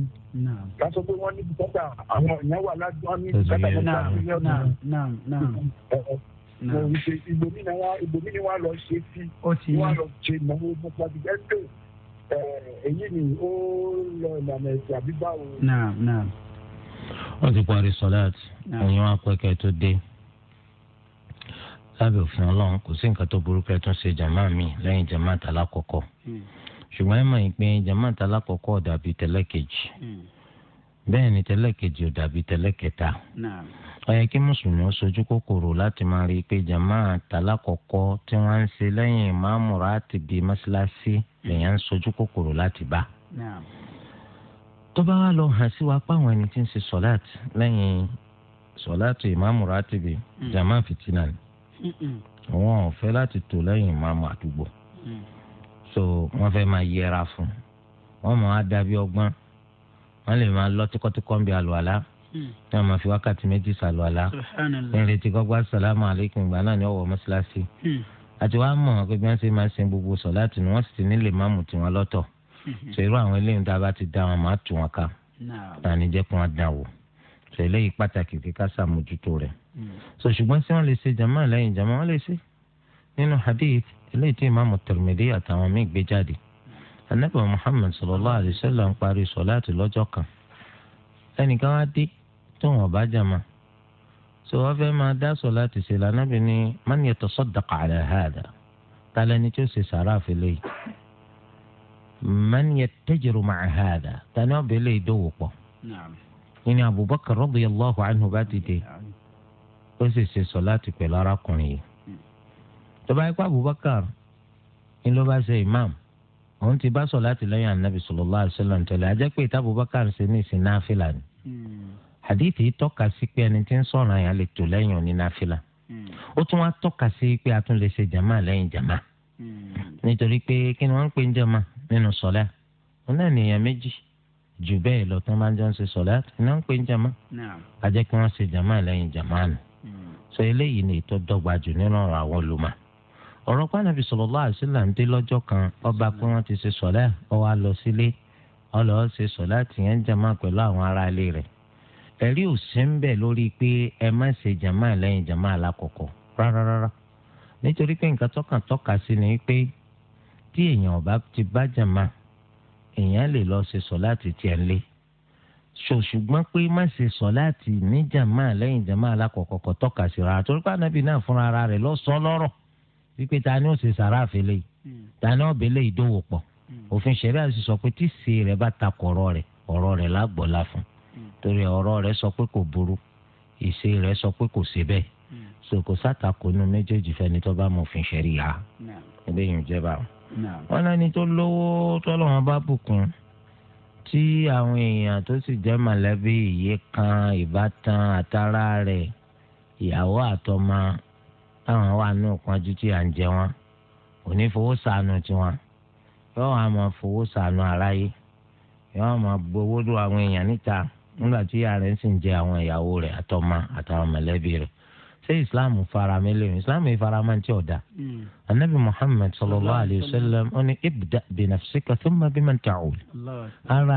[SPEAKER 3] ká sọ pé ní bùkátà àwọn ìyàwó aládùn wọn ní bùkátà wọn ní
[SPEAKER 1] ọ̀gbọ̀n
[SPEAKER 3] mo rí ṣe ìgbòmí ni wọn ìgbòmí ni wọn lọ ṣe sí wọn lọ ṣe ìnáwó nípa ti ẹgbẹ èyí ni ó lọ ìlànà ẹsẹ àbí báwo.
[SPEAKER 2] wọ́n ti parí sọ́láàtì ẹ̀yin wọn pẹ́kẹ́ tó dé lábẹ́ òfin ọlọ́run kò sí nǹkan tó burú kẹ́ẹ́ tún ṣe jàmá mi lẹ́yìn jàmá tàlákọ̀kọ́ hmm. ṣùgbọ́n ẹ mọ̀ yín pé jàmá tàlákọ̀kọ́ dàbí tẹ́lẹ̀kejì. Mm bẹ́ẹ̀ ni tẹ́lẹ̀kejì ò dàbí tẹ́lẹ̀kẹta. ó yẹ kí mùsùlùmí ó sojú kòkòrò láti máa rí i pé jàmáà tàlákọ̀kọ́ tí wọ́n ń ṣe lẹ́yìn ìmáàmù ráàtì bíi mọ́ṣáláṣí lèèyàn ń sojú kòkòrò láti bá. tó bá wá lọ hàn sí wa páwọn ẹni tí ń ṣe sọ́láàtì lẹ́yìn sọ́láàtì ìmáàmù ráàtì bíi mm. jàmáà fìtínà ni. àwọn ò fẹ́ láti tò lẹ́yìn ìmáàmù àdúgbò. Mm. so wọ́n fẹ́ máa yẹra fún wọ́n máa dàbí ọgbọ́n wọ́n lè máa lọ tíkọ́tíkọ́ ń bi àlùwàlá hmm. tí wọ́n máa fi wákàtí méjì sàlùwàlá lẹ́yìn gbọ́gbá sàlámù alaykum ìgbà náà ni ọ̀wọ́ mọ́ṣáláṣí hmm. àti wàá mọ̀ pé bí wọ́n ṣe máa ń sin gbogbo sọ̀ láti ni wọ́n sì ti nílé máàmù tiwọn lọ́tọ̀ ṣe hmm. irú àwọn eléyìí tá a bá ti dá wọn máa tù wọn ká tani jẹ́ kí wọ́n dàn wò ṣe eléyìí pàtàkì kíká sàmójútó rẹ̀ so ṣùgbọ́n tí wọ́n lè ṣe jàmáà lẹ́yìn jàmáà wọ́n lè ṣe nínú hadith eléyìí tí anabi muhammed sallallahu alayhi wa sallam parí sọláàtì lọ́jọ́ kan ẹnìkan wá di tó wọn bá jàmá so wọn fɛ ma dá sọláàtì ṣe la anabi ni man yɛ tɔ yatasaddaq ala hada tala ni tó ṣe sàrà àfẹlẹ yìí man yattajiru ma'a hada tani wọn do wò kpɔ ɛni abubakar rabi allahu anhu bá ti dé ó se ṣe sọláàtì pɛlɛ ara kɔn ye bá yẹ kó abubakar ni ló bá ṣe imam. òun ti bá sọ láti lẹ́yìn anabi sallallahu alaihi wasallam tẹ́lẹ̀ ajẹ́ pé si na ń ṣe ní ìsìn náfìlà ni àdìtì hmm. tọ́ka sí pé ẹni a tún lè ṣe lẹ́yìn hmm. nítorí pé kí ni wọ́n ń pè ń jàmá nínú sọ̀lá òun náà nìyẹn méjì jù bẹ́ẹ̀ lọ máa ń jọ ń ṣe ọ̀rọ̀ pàdánù sallallahu alaihi wasallam ń dé kan ọba pé wọ́n ti ṣe sọ̀lẹ́ ó lọ sílé ọlọ́ọ̀ ṣe sọ̀lẹ́ àtìyẹn ń jàmá pẹ̀lú àwọn ará ilé rẹ̀ ẹ̀rí ò sí ń bẹ̀ lórí pé ẹ má ṣe jàmá lẹ́yìn jàmá ni pé tí èèyàn ọba ti bá jàmá èèyàn lè lọ ṣe sọ̀lẹ́ àti tiẹ̀ ń lé ṣùgbọ́n pé má ṣe ní jàmá lẹ́yìn jàmá alákọ̀ọ́kọ́ tọ́ka sí torí pé ànábì náà fúnra wípé ta ni ó ṣe sàrà àfẹlẹ yìí hmm. ta ni ọbẹlẹ ìdówó pọ̀ hmm. òfin ṣẹlẹ àti sọ pé tíṣe rẹ bá ta kọ ọ̀rọ̀ rẹ ọ̀rọ̀ rẹ lágbọlá fún hmm. torí ọ̀rọ̀ rẹ sọ pé kò burú ìṣe rẹ sọ pé kò ṣe bẹ́ẹ̀ so kò sátakò nu méjèèjì fẹ́ni tó bá mọ òfin ṣẹlẹ yà eléyìí ń jẹba wọn lẹni tó lówó tọlọ́run bá bùkún tí àwọn èèyàn tó sì jẹ́ mọ̀lẹ́bí ìyè kan ìbátan àtàrà rẹ̀ ìyàwó àtọmọ táwọn wà ní òpọ́njú tí à ń jẹ wọn kò ní fowó sànù tiwọn yóò wá máa fowó sànù aráyé yóò máa gbowó lu àwọn èèyàn níta nígbà tí ìyá rẹ̀ ń sì ń jẹ àwọn ìyàwó rẹ̀ àtọ́mọ àtàwọn ṣé islam faramẹ́ lẹ́yìn islam faramẹ́ tí ò anabi hmm. muhammed sọlọlọ alayhi wa sallam ibda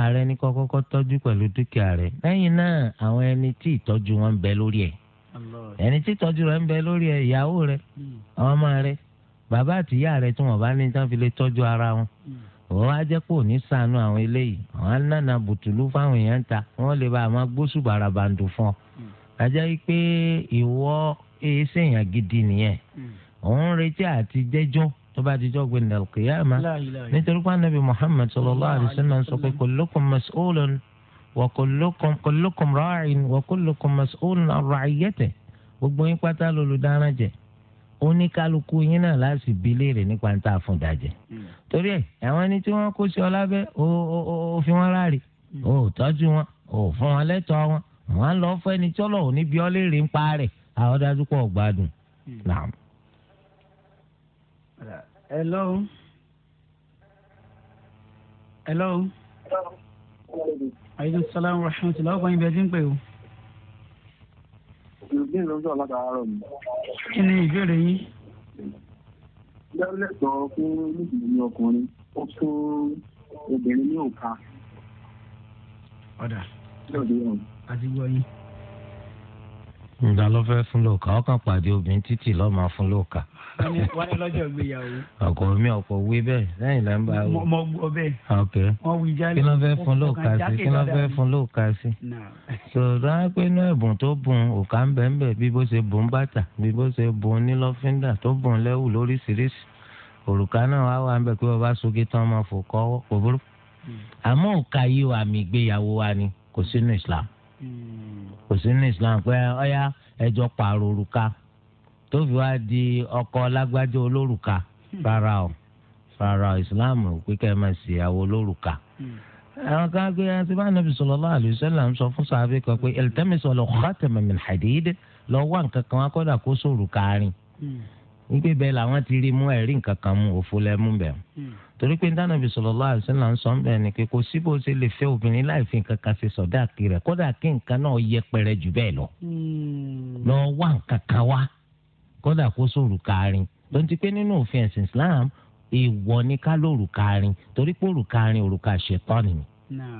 [SPEAKER 2] ara ní kọ́kọ́kọ́ tọ́jú pẹ̀lú dúkìá rẹ lẹ́yìn náà àwọn ẹni tí ìtọ́jú wọn bẹ lórí ẹni tí tọ́jú rẹ̀ ń bẹ lórí ẹ ìyàwó rẹ̀ àwọn ọmọ rẹ̀ bàbá àtìyá rẹ̀ tí wọ́n bá ní tán fi lè tọ́jú ara wọn wọ́n á jẹ́ pé òní sànú àwọn eléyìí àwọn anana bùtùlù fáwọn èèyàn ń ta wọ́n lè bá àwọn gbósù bàràbàǹdù fún ọ. àjẹ́ pé ìwọ èsì èèyàn gidi nìyẹn òun retí àti jẹ́jọ́ tó bá dijọ́ gbé nílẹ̀ kìyàmá nítorí pé anabi muhammed sallallahu alaihi sọ pé kullukum mas'ulun wa kullukum kullukum ra'in wa kullukum mas'ulun an ra'iyyatihi gbogbo yín pátá lolùdarán jẹ oníkálukú yín náà láti bí léèrè nípa níta fún dajẹ hmm. torí ẹ àwọn ẹni tí wọn kó sí ọ lábẹ́ ó fi wọn ráre ó hmm. tọ́jú wọn ó fún wọn lẹ́tọ̀ọ́ wọn wọn lọ fún ẹni tí Ọlọ́run níbi ọ léèrè ń pa rẹ àwọn dájú pọ gbádùn. Hmm.
[SPEAKER 1] hello hello aleykum salaam wa rahmatulah ọgbọn ibẹ ti ń pè o
[SPEAKER 3] ìròyìn ló ń sọ̀rọ̀ láti àárọ̀ mi. kí
[SPEAKER 1] ni ìbéèrè yín.
[SPEAKER 3] lẹ́rìí lẹ́tọ̀ọ́ fún mùsùlùmí ọkùnrin ó fún obìnrin ní òka.
[SPEAKER 1] ọ̀dà àti gbọ́ yín.
[SPEAKER 2] ǹda ló fẹ́ fún lóòka ọkàn pàdé obìnrin títì lọ́ọ́ máa fún lóòka
[SPEAKER 1] wọ́n ní lọ́jọ́ ìgbéyàwó.
[SPEAKER 2] ọkọ mi ọkọ wí bẹ́ẹ̀ lẹ́yìn là ń bá wí. mo gbọ́ bẹ́ẹ̀. ok
[SPEAKER 1] kí ló fẹ́ fún lóòka sí kí ló fẹ́
[SPEAKER 2] fún lóòka sí. sọ̀rọ̀ pé inú ẹ̀bùn tó bùn òkà ń bẹ̀ ń bẹ̀ bí bó ṣe bùn bàtà bí bó ṣe bùn nílọ́fíńdà tó bùn lẹ́wù lóríṣiríṣi òrùka náà wá wà ń bẹ̀ pé bàbá soge tán máa fò kọ́ òbúrú. Hmm. àmọ́ òkà yìí wà mí ìgbéyàwó wa ni kò sínú Islam hmm. kò sínú Islam pé ọ̀ya ẹjọ́ pààrọ̀ òrùka tóbi wá di ọkọ lágbájá olórùka rárá o rárá o islam pé kẹ́ ẹ máa ṣe àwọn olórùka. Hmm. àwọn kan gbé ẹni tí bá nàbì sallallahu alaihi wasallam sọ fún sàbẹ kan pé iltamis wala khatama min hadid lọ wá nǹkan kan akọ́dà kó sòrò kárin hmm. wípé bẹ́ẹ̀ làwọn ti rí mú ẹ̀rí nǹkan kan mú òfo lẹ́mú bẹ́ẹ̀ hmm. torí pé dáná bí sallallahu alaihi wasallam sọ ń bẹ̀ ni pé kò sí ṣe lè fẹ́ obìnrin láì fi nǹkan kan ṣe sọ̀dá kiri rẹ̀ kódà kí nǹkan náà yẹpẹrẹ jù bẹ́ẹ̀ lọ lọ wá nǹkan kan wá kódà kó sòrù kaarin ló ń ti pé nínú òfin ẹ̀sìn Islam èèwọ̀ ni ká lòrù kaarin torí pé òrù kaarin òrùka ṣètọ́ni ni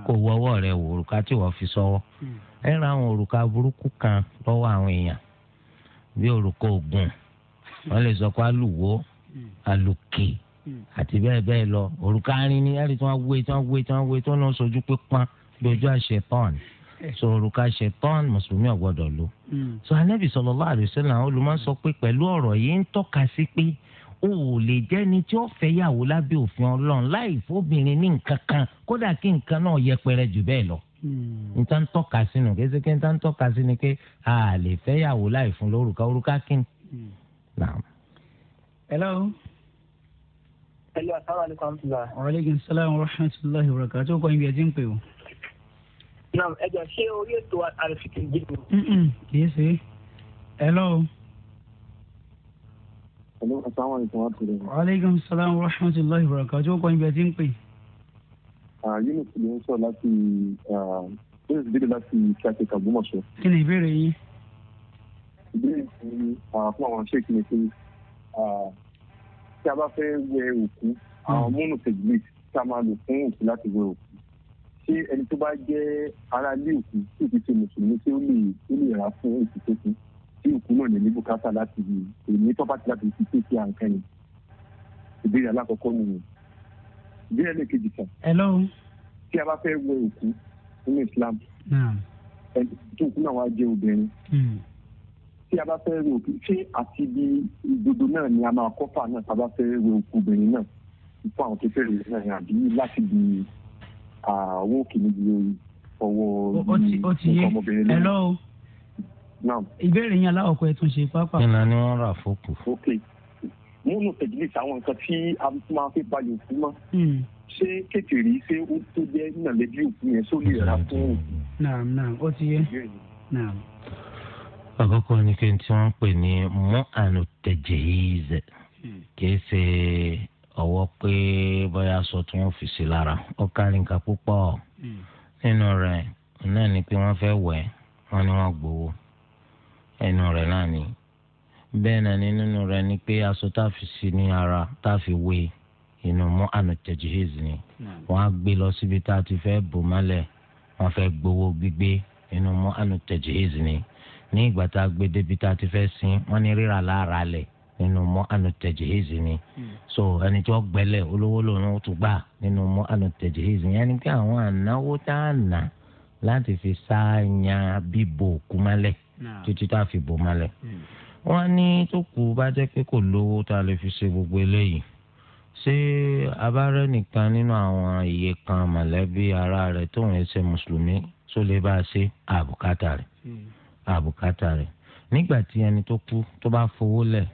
[SPEAKER 2] kò wọ ọwọ́ rẹ̀ wò òrùka tí wọ́n fi sọ́wọ́ hmm. ẹ ra àwọn òrùka burúkú kan lọ́wọ́ àwọn èèyàn bí òrùka ògùn hmm. wọ́n lè sọ pé alùwò hmm. alùkè àti bẹ́ẹ̀ bẹ́ẹ̀ lọ òrùka arin ni ẹ̀rí tí wọ́n wé tí wọ́n wé tí wọ́n wé tí wọ́n náà sojú pé pọ́n lójú àṣẹ ni. Eh. so òrùka ṣetán mùsùlùmí ò gbọ́dọ̀ lò hmm. so anabi sallallahu alaihi wasallam olùmọ̀ sọ pé pẹ̀lú ọ̀rọ̀ yìí ń tọ́ka sí pé o ò lè jẹ́ni tí ó fẹ́ yàwó lábẹ́ òfin Ọlọ́run láì fóbìnrin ní nǹkan kan kódà kí nǹkan náà yẹpẹrẹ jù bẹ́ẹ̀ lọ hmm. nta ń tọ́ka sínú kí ẹsẹ̀ kí nta ń tọ́ka sí ni pé a lè fẹ́ yàwó láì fún lórúkọ orúkọ kín. Hmm. hello.
[SPEAKER 1] hello asalaamualeykum. wa aleykum salaam wa rahmatulahi wa barakatuh. tó kọ́ ibi ẹ̀ ti ń pè o
[SPEAKER 3] naam ẹ jọ ṣé orí ètò àrífíkì jẹ mi.
[SPEAKER 1] kì í ṣe hello. hello asalaamualeykum wa rahmatulahi. waaleykum salaam wa rahmatullahi wa barakatuh ó kọ́ ibi ẹ ti ń pè.
[SPEAKER 3] Ah, yunus ló ń sọ láti ah, yunus bídè láti kíákẹ́ kàgbọ́mọ̀ṣọ́.
[SPEAKER 1] kí ni ìbéèrè yín.
[SPEAKER 3] ìbéèrè yìí ah, fún àwọn ṣéèkì ni pé tí a bá fẹ́ wẹ òkú àwọn hmm. múnú tẹ̀gbìn tí a máa lò fún òkú láti wẹ òkú ṣé ẹni tó bá jẹ́ ara ilé òkú tí òkú ṣe mùsùlùmí tí ó lè ó lè rà fún òkú tó kú tí òkú náà lè ní bùkátà láti èmi tó bá ti láti fi pèsè àǹkan yìí ìbéèrè alákọ̀ọ́kọ́ nìyẹn ìbéèrè lẹ́ẹ̀kejì kan. hello. tí a bá fẹ́ wẹ òkú nínú Islam ẹni tó kú náà wá jẹ́ obìnrin hmm. tí a bá fẹ́ wẹ òkú ṣé àti ibi ìdodo náà ni a máa kọ́fà náà tá a bá fẹ́ wẹ òkú obìnrin náà fún àwọn tó fẹ́ rẹ̀ owó kìíní
[SPEAKER 1] di owó ọmọbìnrin náà. hello ìbéèrè yín aláwọ̀kọ́ ẹ̀ tún ṣe pápá. ìlànà ni wọ́n rà fókù. ok múnú tẹ̀jìlìsì àwọn nǹkan tí
[SPEAKER 3] a máa fi balẹ̀ òkú mọ́ hmm. ṣé kékeré ṣé ó tó jẹ́ nàlẹ́bí òkú yẹn
[SPEAKER 1] sórí ẹ̀rá fún òkú. naam naam ó ti yé naam
[SPEAKER 2] àkọ́kọ́ ni kí n tí wọ́n ń pè ní mọ́ ànú tẹ̀jẹ̀ yìí zẹ̀ hmm. kì í ṣe ọwọ́ pé bóyá sọ tí wọ́n fi sí lára ó kárí nǹkan púpọ̀ hmm. nínú rẹ̀ náà ni pé wọ́n fẹ́ wẹ̀ wọ́n ni wọ́n gbowó ẹnu rẹ̀ náà ni bẹ́ẹ̀ náà ni nínú rẹ̀ ni pé aṣọ tá a fi sí ní ara tá a fi wé inú mọ́ àná tẹ̀jìhìz ni hmm. wọ́n á gbé lọ síbi tá a ti fẹ́ bò mọ́lẹ̀ wọ́n fẹ́ gbowó gbígbé inú mọ́ àná tẹ̀jìhìz ni ní ìgbà tá a gbé débi tá a ti fẹ́ sin wọ́n ní rírà lára lẹ̀ nínú mọ anutẹjihizi ni hmm. so ẹni tí wọn gbẹlẹ olówó lòun tún gbà nínú mọ anutẹjihizi yẹn ni pé àwọn ànáwó tá a nà láti fi sáàyà bíbo òkú mọ́lẹ̀ títí tá a fi bò mọ́lẹ̀ hmm. wọn ní tó kù bá jẹ́ pé kò lówó tá a lè fi ṣe gbogbo eléyìí ṣé abárẹ́ nìkan nínú àwọn iye kan mọ̀lẹ́bí ara rẹ̀ tóun ẹ̀ ṣe mùsùlùmí tó lè bá a ṣe àbùkátà rẹ̀ hmm. àbùkátà rẹ̀ nígbà tí ẹni tó kú tó bá fowó lẹ̀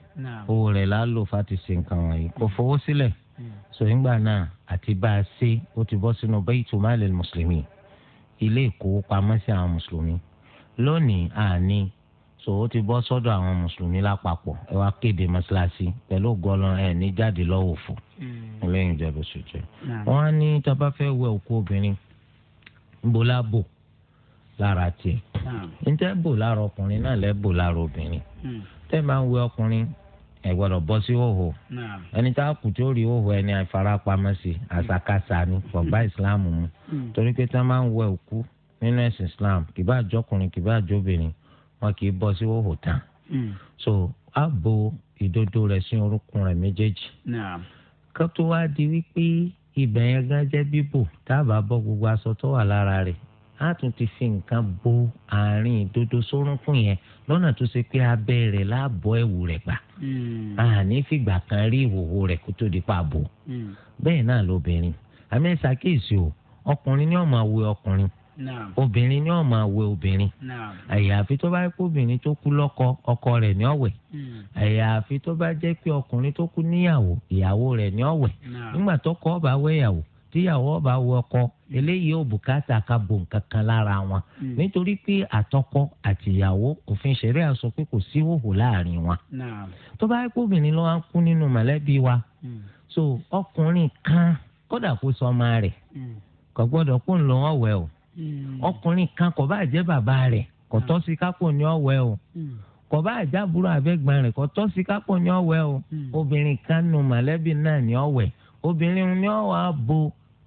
[SPEAKER 2] owó rẹ̀ la fati ṣe nǹkan wọ̀nyí kò fowó sílẹ̀ hmm. so nígbà náà àti bá a ṣe ó ti bọ́ sínú baytu malil mùsùlùmí ilé ìkówópamọ́sí àwọn mùsùlùmí lónìí àní so ó ti bọ́ sọ́dọ̀ àwọn mùsùlùmí lápapọ̀ ẹ wá kéde mọ́ṣáláṣí pẹ̀lú gọlọ ẹ ní jáde lọ́wọ́ fò hmm. lẹ́yìn ìjọba ṣùjẹ́ wọn ní tá a bá fẹ́ wẹ òkú obìnrin ńbọlá bò lára tiẹ̀ njẹ́ bò lára ọkùnrin náà lẹ́ bò lára obìnrin hmm. tẹ́ máa ń wẹ ọkùnrin ẹ gbọ́dọ̀ bọ́ sí hòhò ẹni tá a kù tí rí hòhò ẹni àìfarapamọ́ sí àṣàkáṣà ni kọ̀ọ̀bá islam mu hmm. torí pé tá a máa ń wẹ òkú nínú ẹ̀sìn islam kì bá àjọkùnrin kì bá àjọbìnrin wọn kì í bọ́ sí hòhò tán hmm. so a bo ìdodo rẹ̀ sí orúnkún rẹ̀ méjèèjì kó tó wá di wípé ibẹ̀ gán jẹ́ bíbò tá a bá bọ́ gbogbo aṣọ tó wà lára rẹ̀ a tún ti fi nǹkan bo àárín ìdodo sórúnkún yẹn lọ́nà tó ṣe pé abẹ́ rẹ̀ láàbọ̀ ẹ̀wù rẹ̀ gbà àní hmm. fìgbà kan rí ìhòòhò rẹ̀ kó tó di pa bò hmm. bẹ́ẹ̀ náà lóbìnrin àmì ṣàkíyèsí o ọkùnrin ni ó máa wẹ ọkùnrin obìnrin ni ó máa wẹ obìnrin àyàfi tó bá kó obìnrin tó kú lọ́kọ ọkọ rẹ̀ ni ó wẹ̀ hmm. àyàfi tó bá jẹ́ pé ọkùnrin tó kú níyàwó ìyàwó rẹ̀ ni ó wẹ̀ nígbà tó kọ́ ọba wẹ̀yàwó tíyàwó ọba eléyìí ò bùkátà ká bò nǹkan kan lára wọn hmm. nítorí pé àtọkọ àtìyàwó òfin ṣẹ̀ríà sọ pé kò sí hòhò láàrin wọn tó bá yẹ kó obìnrin ló wá kú nínú mọ̀lẹ́bí wa hmm. so ọkùnrin kan kódà kó sọ ọmọ rẹ̀ hmm. kò gbọ́dọ̀ kó ń lọ ọ̀wẹ́ o ọkùnrin kan kò bá jẹ́ bàbá rẹ̀ kò tọ́ sí kápò ní ọ̀wẹ́ o kò bá àjábúrò àbẹ́gbọ́n rẹ̀ kò tọ́ sí kápò ní ọ̀wẹ́ o obìnrin kan nù mọ̀lẹ́bí náà ní ọ̀wẹ́ obìnrin ní ọ̀wẹ́ bo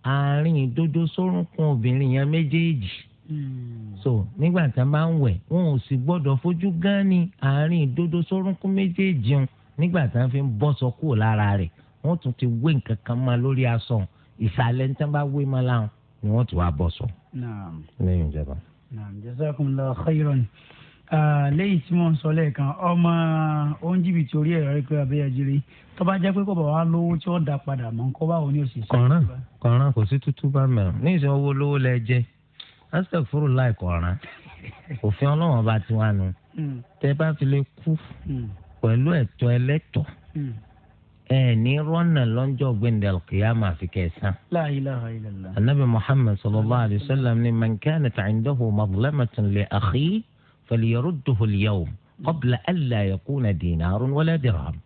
[SPEAKER 2] àárín dodo sórúnkún obìnrin yẹn méjèèjì hmm. so nígbà tí wọn bá ń wẹ̀ wọn ò sì gbọ́dọ̀ fojú gan ni àárín dodo sórúnkún méjèèjì wọn nígbà tí wọn fi ń bọ́ sọ kúrò lára rẹ̀ wọn tún ti wé nǹkan kan máa lórí aṣọ ìsàlẹ̀ ní tí bá wé máa láwọn ni wọn ti wá bọ́ sọ. lẹ́yìn ìjọba.
[SPEAKER 1] naam jazakumullahu khairan. Ah, lẹ́yìn tí wọ́n ń sọ lẹ́ẹ̀kan ọmọ oúnjìbìtì orí ẹ̀rọ rẹ̀ pé abẹ́yẹjìrì tó bá jẹ́ pé kò bá wá lówó tí wọ́n dá
[SPEAKER 2] padà mọ́ kó bá òun ní òṣìṣẹ́. kọ̀ọ̀ràn kọ̀ọ̀ràn kò sí tútú bá mẹ́rin ní ìsìn owó lówó lẹ jẹ́ aztec fúru láì kọ̀ọ̀ràn òfin ọlọ́wọ́n bá ti wá nu hmm. tẹ́ bá fi lè kú hmm. pẹ̀lú ẹ̀tọ́ ẹlẹ́tọ̀ hmm. ẹni rọnà lọ́jọ́ gbẹ̀ndẹ̀ فليرده اليوم قبل ألا يكون دينار ولا wala dirham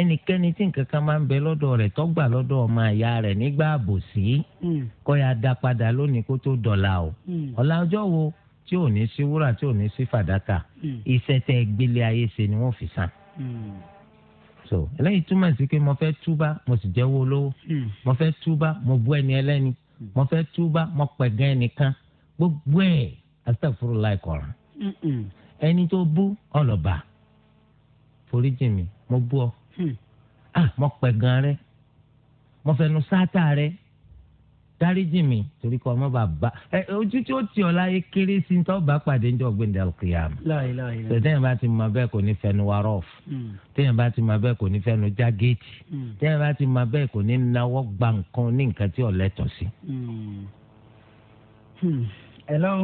[SPEAKER 2] ẹnikẹ́ni tí nǹkan kan máa ń bẹ lọ́dọ̀ rẹ̀ tọ́gbà lọ́dọ̀ ọmọ àyà rẹ̀ nígbà àbòsí hmm. kọ́ ya dá padà lónìí kó tó dọ̀la o hmm. ọ̀la wo tí ò ní sí wúrà tí ò ní sí fàdákà hmm. iṣẹ́ tẹ́ ayé ṣe ni wọ́n fi san. so eléyìí túmọ̀ sí pé mo fẹ́ túbá mo sì jẹ́wọ́ olówó mo fẹ́ túbá mo bú ẹni ẹlẹ́ni mo fẹ́ túbá mo pẹ̀gàn ẹnìkan gbogbo ẹ̀ astagfurullah kọ̀ọ̀ràn ẹni tó bú ọlọ́ba foríjì mi mo bú ọ hmm. ah mo pẹ̀ gan rẹ mo fẹnu sáátà rẹ dáríjì mi torí kọ́ ọmọ bàbá ẹ ojú tí ó ti ọ láyé kéré sí tó bá pàdé ń jọ gbẹ̀ndẹ̀ àlùkìyàmù. tó téèyàn bá ti mọ bẹ́ẹ̀ kò ní fẹnu wa rọ́ọ̀f hmm. téèyàn bá ti mọ bẹ́ẹ̀ kò ní fẹnu já géètì hmm. bá ti mọ bẹ́ẹ̀ kò ní nawọ́ gba nǹkan ní nǹkan tí ò lẹ́tọ̀ọ́ sí.
[SPEAKER 1] hello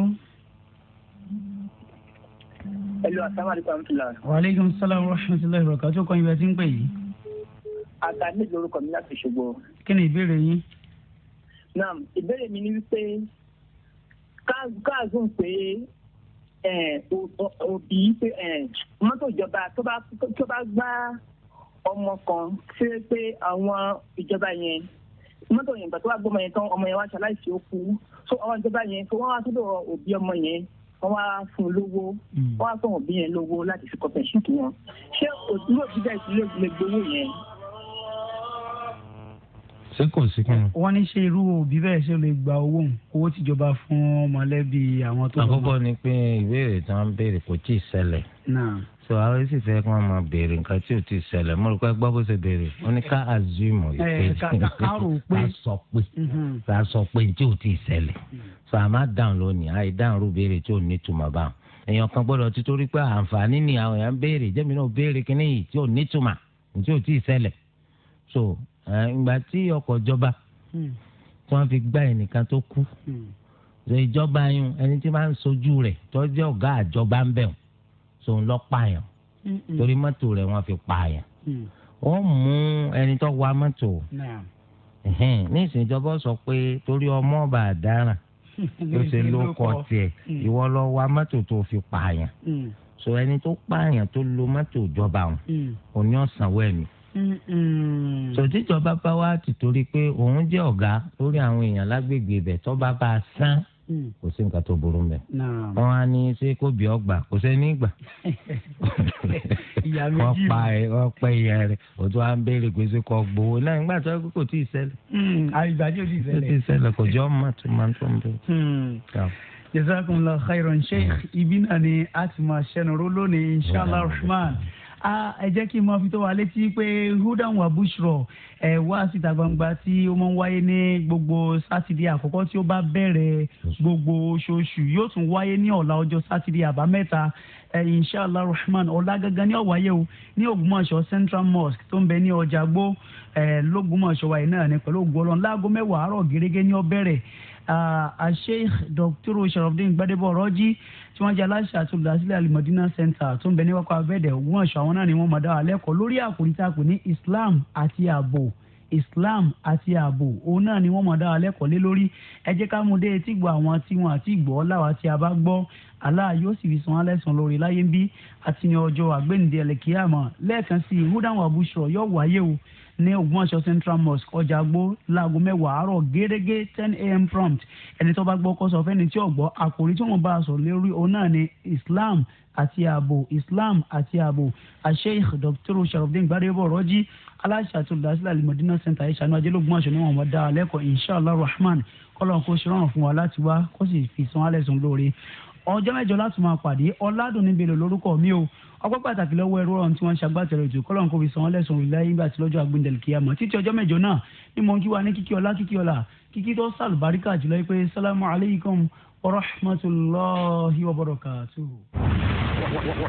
[SPEAKER 1] ẹlò asalaamualeykum amutula. waaleykum salaam wa rahmatulahi wa barakatuh kọ́ ibà tí ń pè yìí. ata ní lórúkọ mi láti ṣògbọ́. kí ni ìbéèrè yín. naam ìbéèrè mi ni wípé
[SPEAKER 3] káàzùn pé òbí pé mọ́tò ìjọba tó bá gbá ọmọ kan ṣe pé àwọn ìjọba yẹn mọ́tò yẹn gbà tó bá gbọ́ ọmọ yẹn tán ọmọ yẹn wá ṣaláìsí ó kú so àwọn ìjọba yẹn tó wọ́n wá sọ́dọ̀ òbí ọmọ yẹn wọ́n wá fún un lówó hmm. wọ́n wá fún òbí yẹn lówó láti fi kọ́pẹ́ ṣùkú wọn ṣé òdúró bíbẹ̀ ìdílé lè gbowó yẹn.
[SPEAKER 2] ṣé kò sí kí ni.
[SPEAKER 1] wọ́n ní ṣe irú òbí bẹ́ẹ̀ ṣe lè gba owó owó tìjọba fún mọ̀lẹ́bí àwọn tó. àkọ́kọ́
[SPEAKER 2] ni pé ìbéèrè tí wọ́n ń béèrè kò tí ṣẹlẹ̀. sọ àwọn èsì fẹ́ kí máa nka nǹkan tí ti sẹlẹ mo rò pé gbọ́ bó ṣe béèrè wọ́n ní ká azuimu ìpè ká sọ pé mm-hmm. sọ pé tí ti sọ àmà dáhùn lónìí àì dáhùn rú béèrè tí o ní túmọ̀ báwọn èèyàn kan gbọ́dọ̀ ti torí pé àǹfààní ni àwọn èèyàn béèrè jẹ́mi náà béèrè kíní yìí tí o ní túmọ̀ tí o ti ṣẹlẹ̀ so ìgbà tí ọkọ̀ ìjọba mm. tí wọ́n fi gbá ẹnìkan tó kú mm. ìjọba yun ẹni tí sòun lọ pààyàn torí mọ́tò rẹ̀ wọ́n fi pààyàn mm. ó mú ẹni tó wa mọ́tò ní ìsìn ìjọba sọ pé torí ọmọ ọba àdáràn
[SPEAKER 4] ló ṣe ló kọ
[SPEAKER 2] tiẹ̀ mm. ìwọ lọ wa mọ́tò tó fi pààyàn mm. so ẹni tó pààyàn tó lo mọ́tò ìjọba òun òní ọ̀sánwó ẹ̀mí sòtíjọba bá wá ti torí pé òun jẹ́ ọ̀gá lórí àwọn èèyàn lágbègbè ibẹ̀ tó bá bá a sán Hmm. kò sí nǹkan tó burú mẹ. wọn á ní ṣé kó bí ọgbà kò sẹ́ni gbà. wọ́n pa ẹ wọ́n pẹ́ ìyá rẹ̀ o tún á ń béèrè pé ṣé kò gbowó náà nígbà tó kó kò tí ì
[SPEAKER 1] hmm. àyùbá tí ò tí ì ṣẹlẹ̀. tí ì
[SPEAKER 2] kò jọ́ ọmọ tó máa ń tó ń bẹ̀rẹ̀. Hmm.
[SPEAKER 1] jazakumullahu khairan sheikh ibi náà ni a ti máa ṣẹnu ró lónìí inshallah rahman ẹ jẹ́ kí n mọ fi wa létí pé hudan wa bushro ẹ wá síta gbangba tí ó máa ń wáyé ní gbogbo sátidé àkọ́kọ́ tí ó bá bẹ̀rẹ̀ gbogbo oṣooṣù yóò tún wáyé ní ọ̀la ọjọ́ sátidé àbámẹ́ta inshallah rahman ọ̀la gangan ní ọ̀wáyé o ní ògbómọ̀ṣọ́ central mosque tó ń bẹ ní ọjà gbó ẹ lógbómọ̀ṣọ́ wáyé náà ní pẹ̀lú ògbó láago mẹ́wàá àárọ̀ gẹ́gẹ́ ní ó Sheikh Dr. sharafdin gbadebo ọrọjí tí wọ́n jẹ́ aláṣẹ àti alimadina center tó ń bẹ ní wákò abẹ́dẹ̀ ogun ọ̀ṣọ́ àwọn náà ni wọ́n máa dá wa lẹ́kọ̀ọ́ lórí àkòrí tá a pè ní Islam àti ààbò Islam àti ààbò òun náà ni wọ́n máa dá wa lẹ́kọ̀ọ́ lé lórí ẹ jẹ́ ká mú dé etí gbọ́ àwọn tí wọn àti gbọ́ láwa tí a bá gbọ́ Allah yóò sì fi san án lẹ́san lórí láyé ń bí àti ní ọjọ́ àgbéǹde ẹlẹ́kìá mọ́ sí i húdáwọn àbúṣọ yóò wáyé o ní ogunmọ̀ṣọ́ central mosque ọjà gbó láago mẹ́wàá àárọ̀ gẹ́gẹ́ ten a.m. prompt ẹni tó bá gbọ́ kó sọ fẹ́ni tí ò gbọ́ àkòrí tí wọ́n bá a sọ lórí òun náà ni islam àti ààbò islam àti ààbò àṣeyìk dr sharafdin gbadebo rọjí aláṣẹ àti olùdásílẹ̀ alimọ̀dínà center ìṣànú ajẹ́lógún ọ̀ṣun ni wọ́n mọ̀ dáa lẹ́kọ̀ọ́ inshallah rahman kọ́lọ́n kó ṣe rọrùn fún wa láti wá kó sì fi san alẹ́ sùn lóore ọjọ́ mẹ́jọ láti máa pàdé ọ̀làdùn níbi èlò lórúkọ mi o ọgbẹ́ pàtàkì lọ́wọ́ ẹrú ọ̀run tí wọ́n ń ṣàgbàtẹ̀rẹ̀ ètò kọ́lọ́n kò fi san wọ́n lẹ́sùn òrùlé ayé ńgbà tí lọ́jọ́ àgbéǹdẹ̀lì kíyàmọ̀ títí ọjọ́ mẹ́jọ náà ni mò ń kí wa ní kíkí ọlá kíkí ọlá kíkí tó sàlùbáríkà jùlọ pé sálámù aleykum wa rahmatulahi wa barakatuhu.